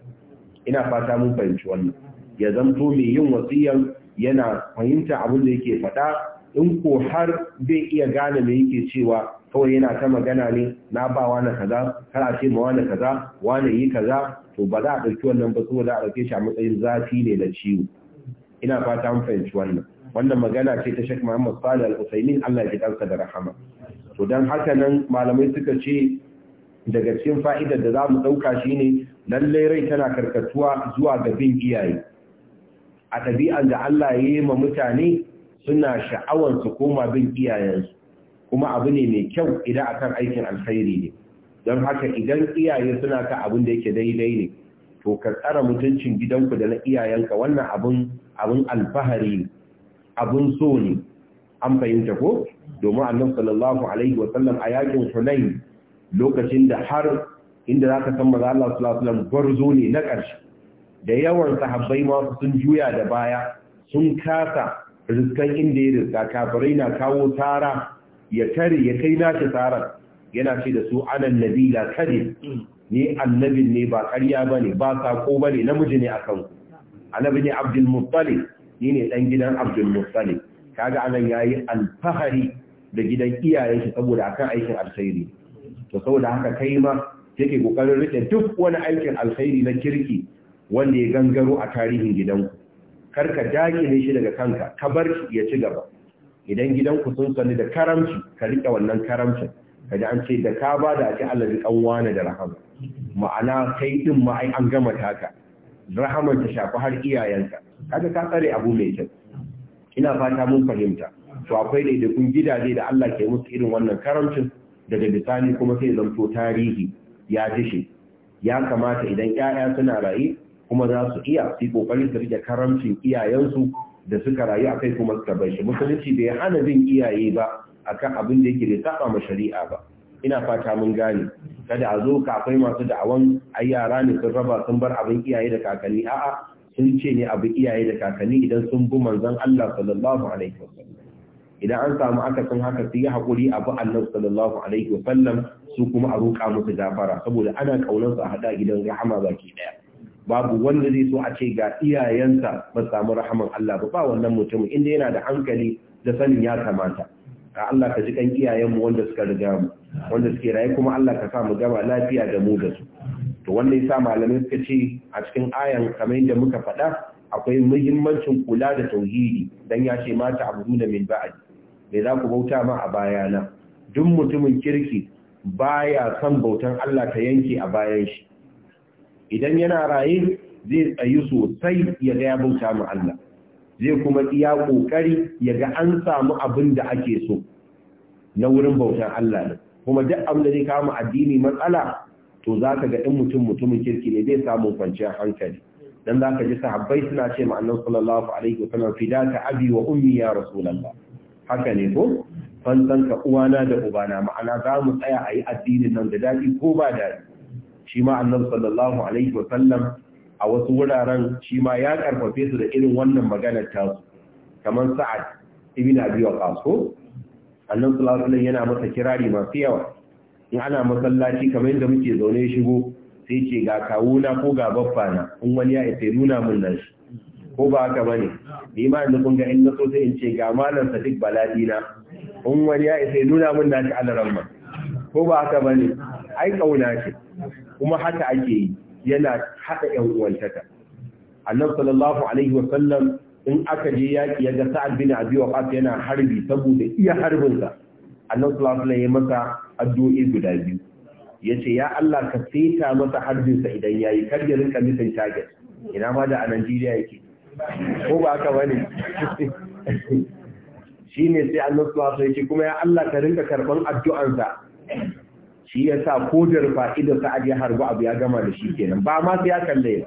[SPEAKER 2] ina fata mun fahimci wannan ya zanto mai yin wasiyan yana fahimta abin da yake faɗa in ko har bai iya gane mai yake cewa kawai yana ta magana ne na ba wani kaza kar a ce ma wani kaza wani yi kaza to ba za a ɗauki wannan ba saboda a ɗauke shi a matsayin zafi ne da ciwo ina fata mun fahimci wannan wannan magana ce ta Sheikh Muhammad Salih Al-Utsaimin Allah ya da rahama to dan haka nan malamai suka ce daga cikin fa'idar da zamu dauka shine lalle rai tana karkatuwa zuwa ga bin iyaye a tabi'an da Allah ya yi ma mutane suna sha'awar su koma bin iyayensu kuma abu ne mai kyau idan akan aikin alkhairi ne don haka idan iyaye suna ka abin da yake daidai ne to ka tsara mutuncin gidanku da na iyayenka wannan abin abin alfahari ne abun so ne an fahimta ko domin annabi sallallahu alaihi wa sallam a yakin Hunain lokacin da har inda zaka san maza Allah sallallahu alaihi wasallam zo ne na ƙarshe da yawan sahabbai ma sun juya da baya sun kasa riskan inda ya riska kafirai na kawo tara ya kare ya kai nashi tsarar yana ce da su anan nabi la kare ni annabin ne ba ƙarya ne. ba sako bane namiji ne a ku annabi ne abdul muttalib ni ne ɗan gidan Abdul Muttalib kaga anan ya yi alfahari da gidan iyayen shi saboda akan aikin alkhairi to saboda haka kai ma yake kokarin rike duk wani aikin alkhairi na kirki wanda ya gangaro a tarihin gidanku Kar karka dakile shi daga kanka ka bar shi ya ci gaba idan gidanku sun sani da karamci ka rike wannan karamcin kaji an ce da ka ba da ake Allah kanwana da rahama ma'ana kai din ma ai an gama taka rahamar ta shafi har iyayenka kaga ka tsare abu mai kyau ina fata mun fahimta to akwai kun gidaje da Allah ke musu irin wannan karamcin daga bisani kuma sai zanto tarihi ya dishe ya kamata idan 'ya'ya suna rayu kuma za su iya fi kokarin su rike karamcin iyayensu da suka rayu akai kuma suka bai shi musulunci bai hana bin iyaye ba akan abin da yake bai saba ma shari'a ba ina fata mun gane kada a zo kafai masu da'awan ai yara ne sun raba sun bar abin iyaye da kakanni a'a sun ce ne abin iyaye da kakanni idan sun bi manzon Allah sallallahu alaihi idan an samu aka haka su yi hakuri a bi Allah sallallahu alaihi wasallam su kuma a roƙa musu gafara saboda ana kaunar su a hada gidan rahama baki ɗaya. babu wanda zai so a ce ga iyayensa ba samu rahaman Allah ba ba wannan mutumin inda yana da hankali da sanin ya kamata a Allah ka ji kan mu wanda suka riga mu wanda suke raye kuma Allah ka sa mu gama lafiya da mu da su to wanda yasa malamai suka ce a cikin ayan kamar yadda muka faɗa akwai muhimmancin kula da tauhidi dan ya ce mata da min ba'ad me za ku bauta ma a baya na? duk mutumin kirki baya san bautan Allah ka yanke a bayan shi idan yana raye zai tsayi sosai ya ga ya bauta ma Allah zai kuma iya kokari ya ga an samu abin da ake so na wurin bautan Allah ne kuma duk abin da zai kawo mu addini matsala to zaka ga in mutum mutumin kirki ne zai samu kwanciyar hankali dan zaka ji sahabbai suna ce ma annabi sallallahu alaihi wasallam fidaka abi wa ummi ya rasulullah haka ne ko fansan ka uwana da ubana ma'ana za mu tsaya a yi addinin nan da daɗi ko ba daɗi shi ma annabi sallallahu alaihi wasallam a wasu wuraren shi ma ya karfafe su da irin wannan maganar tasu kamar sa'ad ibn abi waqas ko annan sulasulan yana masa kirari masu yawa in ana masallaci kamar yadda muke zaune shigo sai ce ga kawuna ko ga na, in wani ya isa nuna mun nan shi ko ba haka bane ni ma yanzu kun ga in na so sai in ce ga malam Sadiq Baladi na in wani ya isa nuna mun nan shi alaramma ko ba haka bane ai kauna ce kuma haka ake yi yana hada yan uwantaka annabi sallallahu alaihi wa sallam in aka je yaƙi ya ga sa'ad bin abi waqas yana harbi saboda iya harbinsa annabi sallallahu alaihi wasallam ya masa addu'o'i guda biyu yace ya Allah ka saita masa harbinsa idan yayi kar ya rinka misan target ina ma da a Najeriya yake ko ba haka bane shine sai annabi sallallahu alaihi wasallam kuma ya Allah ka rinka karban addu'ansa shi yasa ko da fa'ida sa'ad ya harbu abu ya gama da shi kenan ba ma sai ya kalle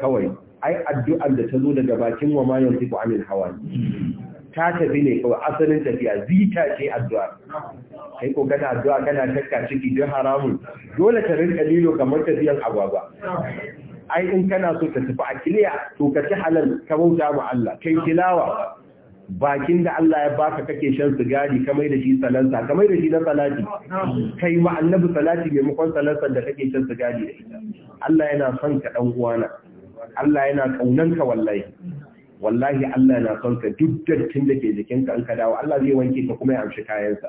[SPEAKER 2] kawai ai addu'an da ta zo daga bakin wa ma yanzu amin hawa ta tafi ne kawai asalin tafiya zita ce addu'a kai ko kana addu'a kana takka ciki don haramun dole ta rinka lilo kamar tafiyan agwagwa ai in kana so ta tafi a kiliya to ka ci halal ka bauta ma Allah kai tilawa bakin da Allah ya baka kake shan sigari ka mai da shi salansa ka mai da shi na salati kai ma annabi salati maimakon salansa da kake shan sigari da ita Allah yana son ka dan uwana Allah yana ka wallahi wallahi Allah yana son ka duk dattin da ke jikinka an ka dawo Allah zai wanke ka kuma ya amshi kayansa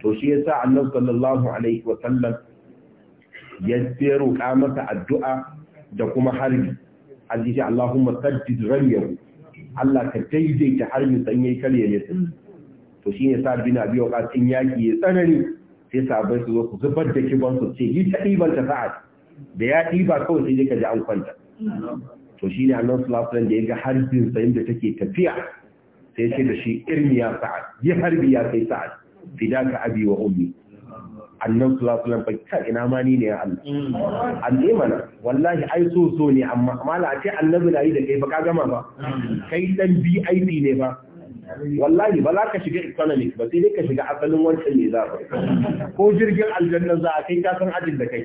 [SPEAKER 2] to shi yasa Annabi sallallahu alaihi wa sallam ya ka masa addu'a da kuma harbi hadisi Allahumma saddid ramiyahu Allah ka daidaita harbi san yayi kare ne to shi yasa bin abi waqas in yaki ya tsanani sai sabai su zo ku zubar da kibansu su ce yi ta ta sa'ad da ya diba kawai sai ka ji an kwanta to shi ne annan sulasulan da ya ga harbin sayin da take tafiya sai ce da shi irin ya sa'ad yi harbi ya sai sa'ad ka abi wa ummi annan sulasulan fa ka ina ma ni ne ya Allah mm. ne mana wallahi ai so so ne amma mala ce annabi na yi da kai ba ka gama ba mm. kai dan bip ne ba wallahi ba za ka shiga economic ba sai dai ka shiga asalin wancan ne za mm. ko jirgin aljanna za a kai kasan ajin da kai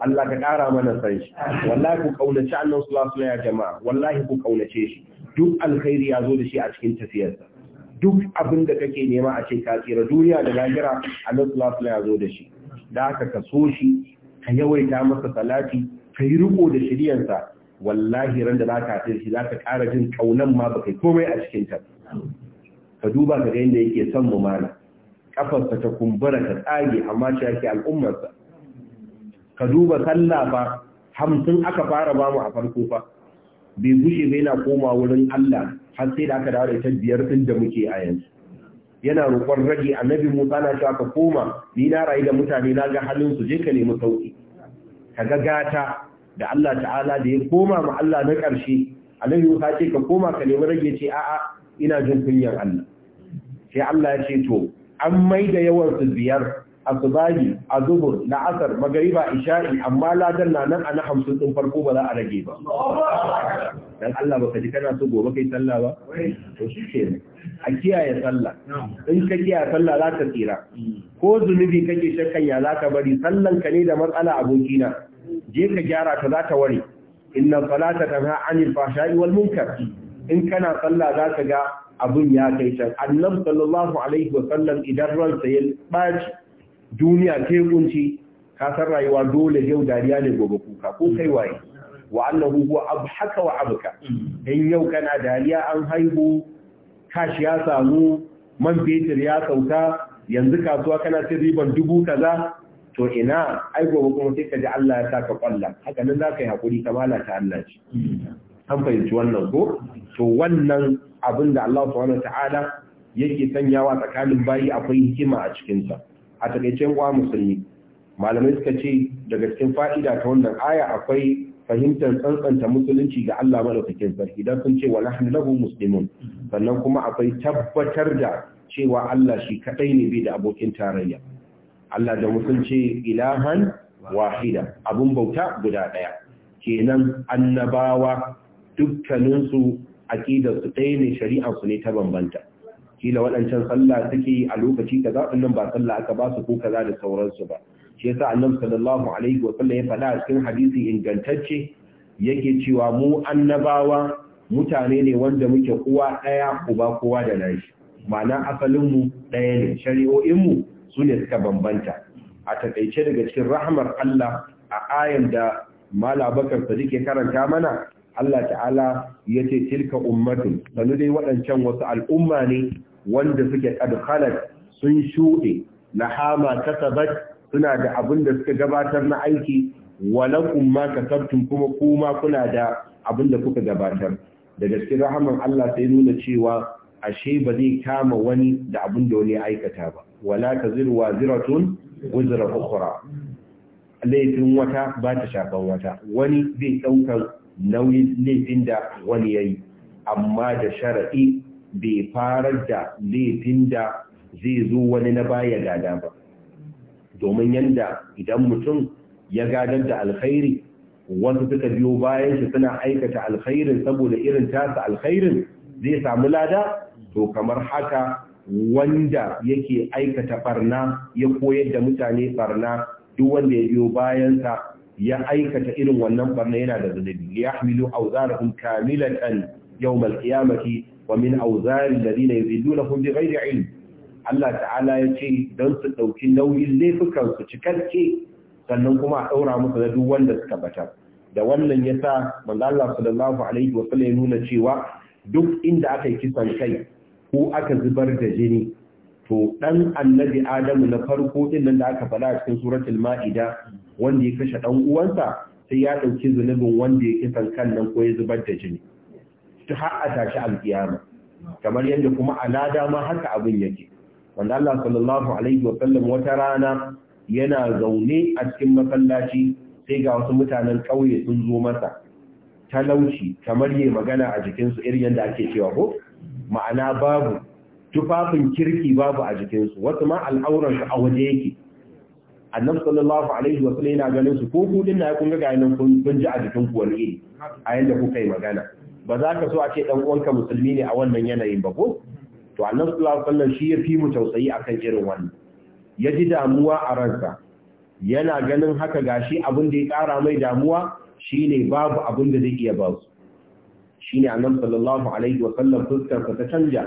[SPEAKER 2] Allah ka ƙara mana san shi wallahi ku kaunaci annabi sallallahu alaihi jama'a wallahi ku ƙaunace shi duk alkhairi ya zo da shi a cikin tafiyarsa duk abin da kake nema a ce ka tsira duniya da lahira annabi sallallahu alaihi ya zo da shi da haka ka so shi ka yawaita masa salati ka yi riko da shiryansa wallahi ran da za ka haɗe shi za ka ƙara jin kaunan ma ba kai komai a cikinta ka duba ka ga yadda yake son mu mana kafarsa ta kumbura ta tsage amma shi yake al'ummarsa ka duba sallah ba hamsin aka fara ba mu a farko fa bai gushe bai na koma wurin Allah har sai da aka dawo da ita biyar din da muke a yanzu yana roƙon rage annabi Musa na cewa ka koma ni na rayu da mutane na ga halin su je ka nemi sauki ka ga gata da Allah ta'ala da ya koma ma Allah na ƙarshe annabi Musa ce ka koma ka nemi rage ce a'a ina jin kunyar Allah sai Allah ya ce to an mai da yawan su biyar asubahi azubur la'asar magariba isha'i amma ladan na nan ana hamsin din farko ba za a rage ba dan Allah baka ji kana so gobe kai sallah ba to shi ke a kiyaye sallah in ka kiyaye sallah za ka tsira ko zunubi kake shakkan ya za ka bari sallan ka ne da matsala abokina je ka gyara ta za ta ware inna salata tanha anil fahsha'i wal munkar in kana sallah za ka ga abun ya kai can annabi sallallahu alaihi wa sallam idan ransa ya baci duniya ta kunci ka san rayuwa dole yau dariya ne gobe kuka ko kai waye wa annahu huwa abhaka wa abka in yau kana dariya an haihu kashi ya samu man fetur ya sauka yanzu kasuwa kana cin riban dubu kaza to ina ai gobe kuma sai ka ji Allah ya saka kwalla haka nan za ka yi hakuri kamala ta Allah ce an fahimci wannan ko to wannan abin da Allah subhanahu wataala yake sanyawa tsakanin bayi akwai hikima a cikin sa a takaicen wa musulmi malamai suka ce daga cikin fa'ida ta wannan aya akwai fahimtar tsantsanta musulunci ga Allah madaukakin sarki dan sun ce wa nahnu lahu muslimun sannan kuma akwai tabbatar da cewa Allah shi kadai ne bai da abokin tarayya Allah da musulunci ilahan wahida abun bauta guda daya kenan annabawa dukkaninsu su ɗaya ne su ne ta bambanta kila waɗancan sallah suke yi a lokaci kaza nan ba sallah aka ba su ko kaza da sauransu ba shi yasa annabi sallallahu alaihi wa sallam ya faɗa a cikin hadisi ingantacce yake cewa mu annabawa mutane ne wanda muke uwa ɗaya uba kowa da nashi ma'ana asalin mu ɗaya ne shari'o'in mu su ne suka bambanta a taƙaice daga cikin rahmar Allah a ayan da mala bakar sadiq ya karanta mana Allah ta'ala ya ce tilka ummatin sanu dai waɗancan wasu al'umma ne wanda suke qad sun shuɗe ta kasabat suna da abin da suka gabatar na aiki wala kuma kasabtum kuma kuma kuna da abin da kuka gabatar da gaske rahaman Allah sai nuna cewa ashe ba zai kama wani da abin da wani aikata ba wala taziru waziratun wizra ukhra laifin wata ba ta shafan wata wani zai ɗaukar nauyin laifin da wani yayi amma da sharaɗi bai farar da laifin da zai zo wani na baya gada ba domin yadda idan mutum ya gadar da alkhairi wasu suka biyo bayan shi suna aikata alkhairin saboda irin tasa alkhairin zai samu lada to kamar haka wanda yake aikata barna ya koyar da mutane barna duk wanda ya biyo bayansa ya aikata irin wannan barna yana da zunubi ya hamilu auzarahum kamilatan yawmal qiyamati wa min auzari alladhina yuzidunahum bighairi ilm Allah ta'ala ya ce don su ɗauki nauyin laifukan su cikakke sannan kuma a ɗaura musu da duk wanda suka bata da wannan ya sa manzo Allah sallallahu alaihi wa ya nuna cewa duk inda aka yi kisan kai ko aka zubar da jini to dan annabi adamu na farko din nan da aka fada cikin suratul maida wanda ya kashe dan uwansa sai ya ɗauki zunubin wanda ya kisan kan nan ko ya zubar da jini ta har a tashi alkiyama kamar yadda kuma a lada ma haka abin yake wanda Allah sallallahu alaihi wa sallam wata rana yana zaune a cikin masallaci sai ga wasu mutanen ƙauye sun zo masa talauci kamar yi magana a jikinsu irin yadda ake cewa ko ma'ana babu tufafin kirki babu a jikinsu wasu ma al'auransu a waje yake annabi sallallahu alaihi wa sallam yana ganin su ko kudin na kun ga ga nan kun ji a jikin ku wani a yadda kuka yi magana ba za ka so a ce dan uwanka musulmi ne a wannan yanayin ba ko to annabi sallallahu alaihi wasallam shi ya fi mu tausayi akan irin wannan ya ji damuwa a ransa yana ganin haka gashi abin da ya kara mai damuwa shine babu abin da zai iya ba su shine annabi sallallahu alaihi wasallam fuskar ta canja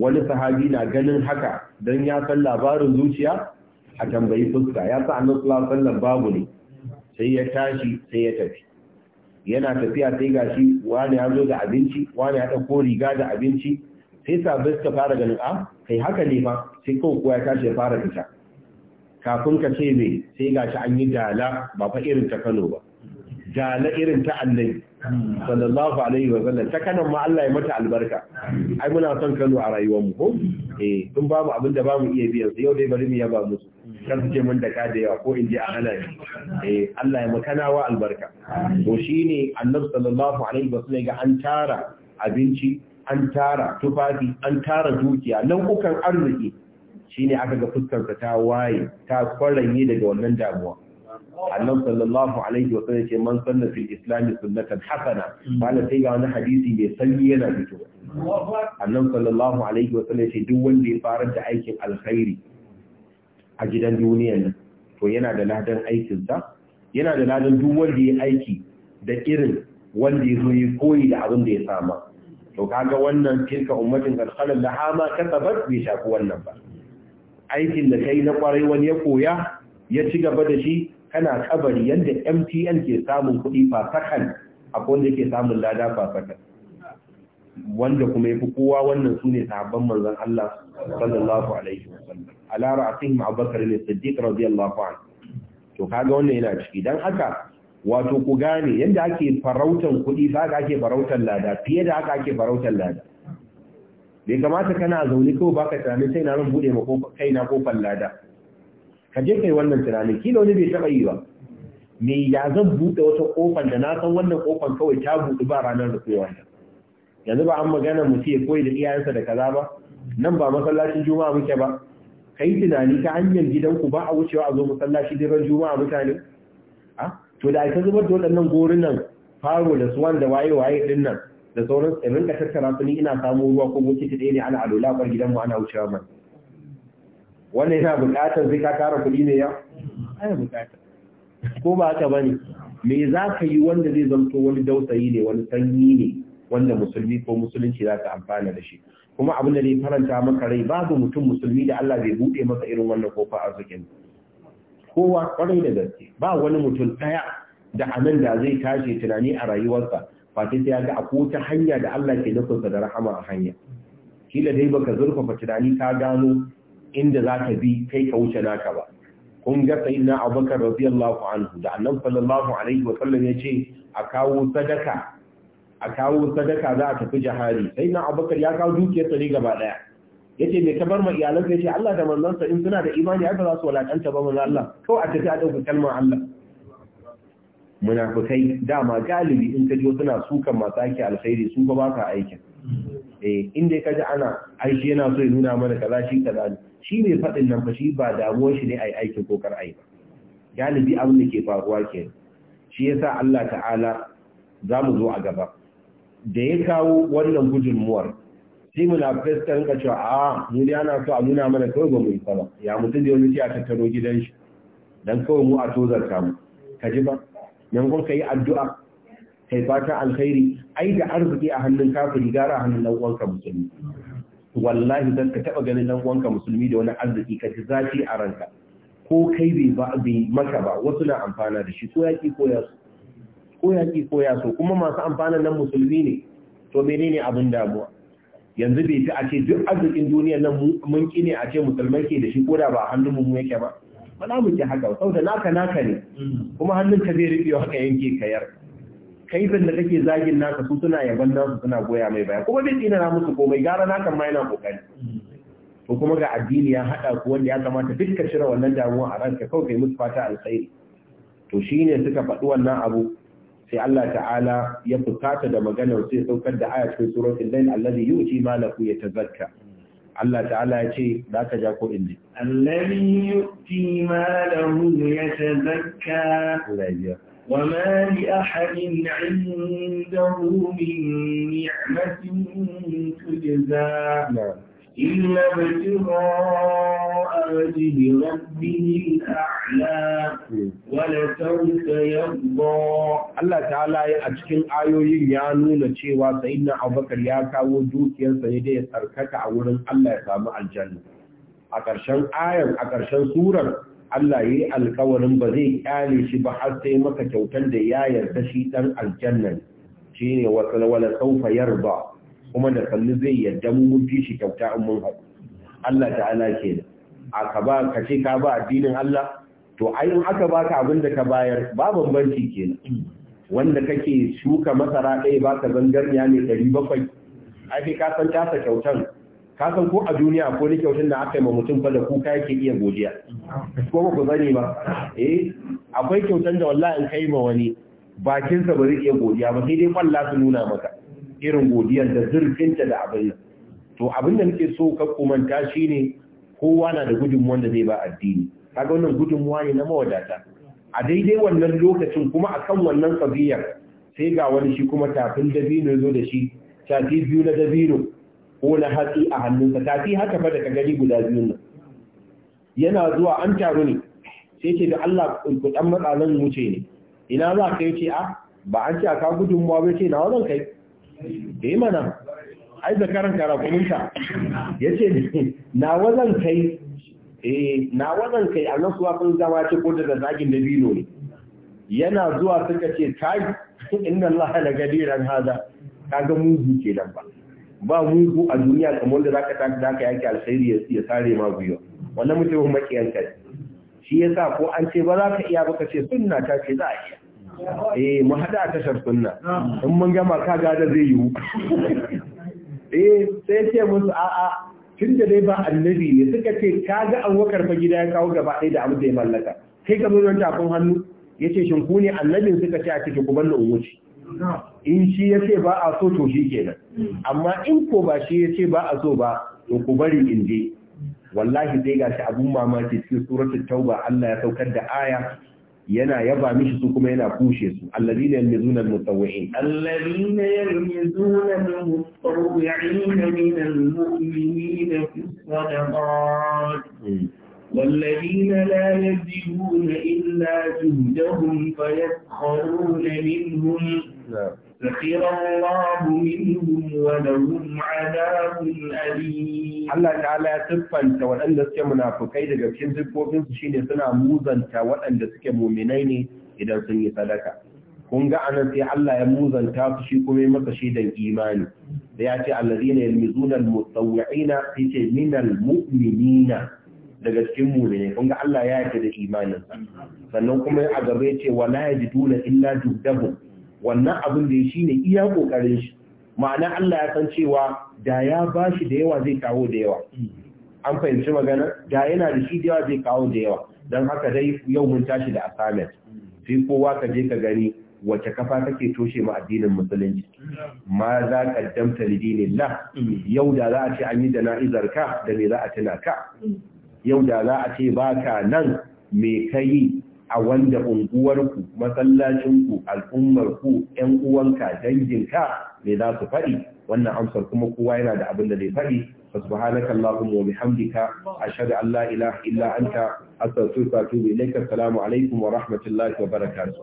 [SPEAKER 2] wani sahabi na ganin haka dan ya san labarin zuciya a tambayi fuska ya sa annabi sallallahu alaihi wasallam babu ne sai ya tashi sai ya tafi yana tafiya sai gashi wani ya zo da abinci wani ya ɗauko riga da abinci sai sabbin ka fara ganin a ah, kai haka ne fa sai kawai kuwa ya tashi ya fara fita kafin ka ce mai sai gashi an yi dala ba fa irin ta Kano ba dala irin ta Annabi sallallahu alaihi wa sallam ta kanan ma Allah ya mata albarka ai muna son Kano a rayuwar mu ko eh tun babu abin da bamu iya biyan sai yau dai bari mu yaba musu kar su ce mun da ka da yawa ko in je a hana ni eh Allah ya makana wa albarka to shine annabi sallallahu alaihi wasallam ga an tara abinci an tara tufafi an tara dukiya nau'ukan arziki shine aka ga fuskarsa ta waye ta kwaranye daga wannan damuwa annan sallallahu alaihi wa sallam ce man sanna fil islam sunnatan hasana wala sai ga wani hadisi mai sanyi yana fito annan sallallahu alaihi wa sallam ce duk wanda ya fara da aikin alkhairi a gidan duniya nan to yana da ladan aikinsa yana da ladan duk wanda ya aiki da irin wanda ya zo ya koyi da abin da ya sama to kaga wannan tilka ummatin kalkalan lahama ma kasabat bai shafi wannan ba aikin da kai na kwarai wani ya koya ya ci gaba da shi kana kabari yadda MTN ke samun kuɗi fasakan akwai wanda ke samun lada fasakan wanda kuma yafi kowa wannan sune sahabban manzon Allah sallallahu alaihi wasallam ala ra'atihim Abubakar ne Siddiq radiyallahu anhu to kaga wannan yana ciki dan haka wato ku gane yadda ake farautan kuɗi ba ka ake farautan lada fiye da haka ake farautan lada bai kamata kana zaune kawai baka tunanin sai na ran ma kaina kofar lada ka je kai wannan tunanin kila wani bai taba yi ba me ya zan buɗe wata kofar da na san wannan kofar kawai ta buɗe ba ranar da kowa yanzu ba an magana mu ce koyi da iyayensa da kaza ba nan ba masallacin juma'a muke ba kai tunani ta hanyar gidanku ba a wucewa a zo masallaci da ran juma'a mutane a to da aka zubar da waɗannan gorin nan faro da suwan da waye waye din nan da sauran in rinka tattara su ni ina samu ruwa ko ta ɗaya ne ana alola bar gidanmu ana wucewa man wannan yana buƙatar zai ka tara kuɗi ne ya ana buƙata ko ba haka bane me za ka yi wanda zai zamto wani dausayi ne wani sanyi ne wanda musulmi ko musulunci za ta amfana da shi kuma abin da ne faranta maka rai babu mutum musulmi da Allah bai buɗe masa irin wannan kofa arzikin kowa kwarai da gaske ba wani mutum ɗaya da anan da zai tashi tunani a rayuwarsa ta ya ga akwai ta hanya da Allah ke nufinsa da rahama a hanya kila dai baka zurfafa tunani ka gano inda za ka bi kai ka wuce naka ba kun ga sayyidina abubakar radiyallahu anhu da annabi sallallahu alaihi wa sallam ya ce a kawo sadaka a kawo sadaka za a tafi jihari sai na abubakar ya kawo dukiyarsa ne gaba daya yace me ka bar ma iyalansa yace Allah da sa in suna da imani ai ba za su walakanta ba manzon Allah ko a tafi a dauki kalmar Allah munafikai dama galibi in ka jiyo suna sukan masu ake alkhairi su ba ka aikin eh inda ka ji ana ai yana so ya nuna mana kaza shi kaza shi ne fadin nan fa shi ba damuwar shi ne ai aikin ko kar ai ba galibi abin da ke faruwa ke shi yasa Allah ta'ala za mu zo a gaba da ya kawo wannan gudunmuwar sai muna suka rinka cewa a mu ana so a nuna mana kawai ba mu isa ba ya mutum da wani sai a tattaro gidan shi don kawai mu a tozar mu ka ji ba yan kun yi addu'a kai fata alkhairi ai da arziki a hannun kafin gara a hannun dan musulmi wallahi dan ka taba ganin dan musulmi da wani arziki ka ji zafi a ranka ko kai bai maka ba wasu na amfana da shi ko yaki ko yasu ko ya ki ko ya so kuma masu amfanin nan musulmi ne to menene abin damuwa yanzu bai fi a ce duk arzikin duniya nan mun ki ne a ce musulmai ke da shi ko da ba hannun mu yake ba ba mu ki haka saboda naka naka ne kuma hannun ka zai rufe haka yanke kayar kai zan da kake zagin naka su suna yaban nasu suna goya mai baya kuma bai tsina musu komai gara naka ma yana kokari ko kuma ga addini ya haɗa ku wanda ya kamata duk ka cire wannan damuwa a ranka kawai kai musu fata alkhairi to shine suka faɗi wannan abu sai Allah ta'ala ya fusata da maganar sai saukar da aya cikin suratul lail allazi yuti malahu yatazakka Allah ta'ala ya ce za ka ja ko inji
[SPEAKER 1] allazi yuti malahu yatazakka وما لأحد عنده na نعمة تجزى نعم إلا ابتغاء وجه ربه الأعلى ولسوف
[SPEAKER 2] يرضى الله تعالى a cikin ayoyin ya nuna cewa sayyidina Abubakar ya kawo dukiyarsa ne da ya tsarkaka a wurin Allah ya samu aljanna a ƙarshen ayar a ƙarshen surar Allah ya yi alkawarin ba zai kyale shi ba har sai maka kyautar da ya yarda shi ɗan aljanna shine ne wasu wala saufa yarba kuma da kalli zai yadda mun fi shi kyauta in mun haɗu Allah ta'ala kenan aka ba ka ce ka ba addinin Allah to ayin aka baka abin da ka bayar ba bambanci kenan wanda kake shuka masara ɗaya ba zangar ya ne ɗari bakwai ai ka san tasa kyautan ka san ko a duniya ko ni kyautan da aka yi ma mutum fa da kuka yake iya godiya ko ba ku sani ba eh akwai kyautan da wallahi in kai ma wani bakinsa ba zai iya godiya ba sai dai kwalla su nuna maka irin godiyar da zurfinta da abin nan. to abin da nake so ka komanta shine kowa na da gudunmuwan da zai ba addini kaga wannan gudunmuwa ne na mawadata a daidai wannan lokacin kuma akan wannan kabiyar sai ga wani shi kuma tafin dabino zo da shi tafi biyu na dabino ko na hatsi a hannunsa tafi haka fa daga gari guda biyun nan yana zuwa an taru ne sai ce da Allah ku dan matsalan wuce ne ina za ka yi ce a ah, ba an ce ka gudunmuwa ba ce na wannan kai eh mana ai zakaran karakuminta ya ce na wazan kai eh na wazan kai a nan suwa zama ce ko da zagin da biro ne yana zuwa suka ce kai inna allaha la gadiran hada kaga mugu dan ba ba mugu a duniya kamar da zaka tafi zaka yaki alkhairi ya sare ma biyo wannan mutum makiyanka shi yasa ko an ce ba za ka iya ba ka ce sunna ta ce za a iya eh mu hada a tashar sunna in mun gama ka da zai yiwu eh sai ce musu a'a tun da dai ba annabi ne suka ce ka ga wakar fa gida ya kawo gaba ɗaya da abin da ya mallaka kai ka zo tafin hannu ya ce shin ku ne annabin suka ce a cikin ku ballo wuce in shi ya ce ba a so to shi kenan amma in ko ba shi ya ce ba a so ba to ku bari in je wallahi sai gashi abun mamaki cikin suratul tauba Allah ya saukar da aya yana yaba mishi su kuma yana kushe su allazina yalmizuna almutawwi'in
[SPEAKER 1] allazina yalmizuna almutawwi'ina min almu'minina fi sadaqat والذين لا يجدون إلا جهدهم فيسخرون منهم سخر
[SPEAKER 2] الله منهم ولهم عذاب أليم الله تعالى siffanta waɗanda suke munafukai daga cikin siffofin su shine suna muzanta waɗanda suke muminai ne idan sun yi sadaka kun ga anan sai Allah ya muzanta su shi kuma masa shaidan imani ya ce allazina yalmizuna almutawwi'ina fi ce minal mu'minina daga cikin mumine kun ga Allah ya yarda da imanin sannan kuma ya a gaba ya ce wala yajiduna illa juhdahum wannan abin da ya shi ne iya ƙoƙarin shi ma'ana Allah ya san cewa da ya ba shi da yawa zai kawo da yawa an fahimci magana da yana da shi da yawa zai kawo da yawa don haka dai yau mun tashi da assignment sai kowa ka je ka gani wace kafa kake toshe ma addinin musulunci ma za ka damta lidinillah yau da za a ce an yi da jana'izar ka da me za a tuna ka yau da za a ce ba ka nan me yi. a wanda unguwarku masallacinku al'ummarku ‘yan uwanka danginka mai za su faɗi wannan amsar kuma kowa yana da abin da zai faɗi subhanaka allahumma wa bihamdika ashhadu an la ilaha illa anta astaghfiruka wa atubu ilaika assalamu alaikum wa rahmatullahi wa barakatuh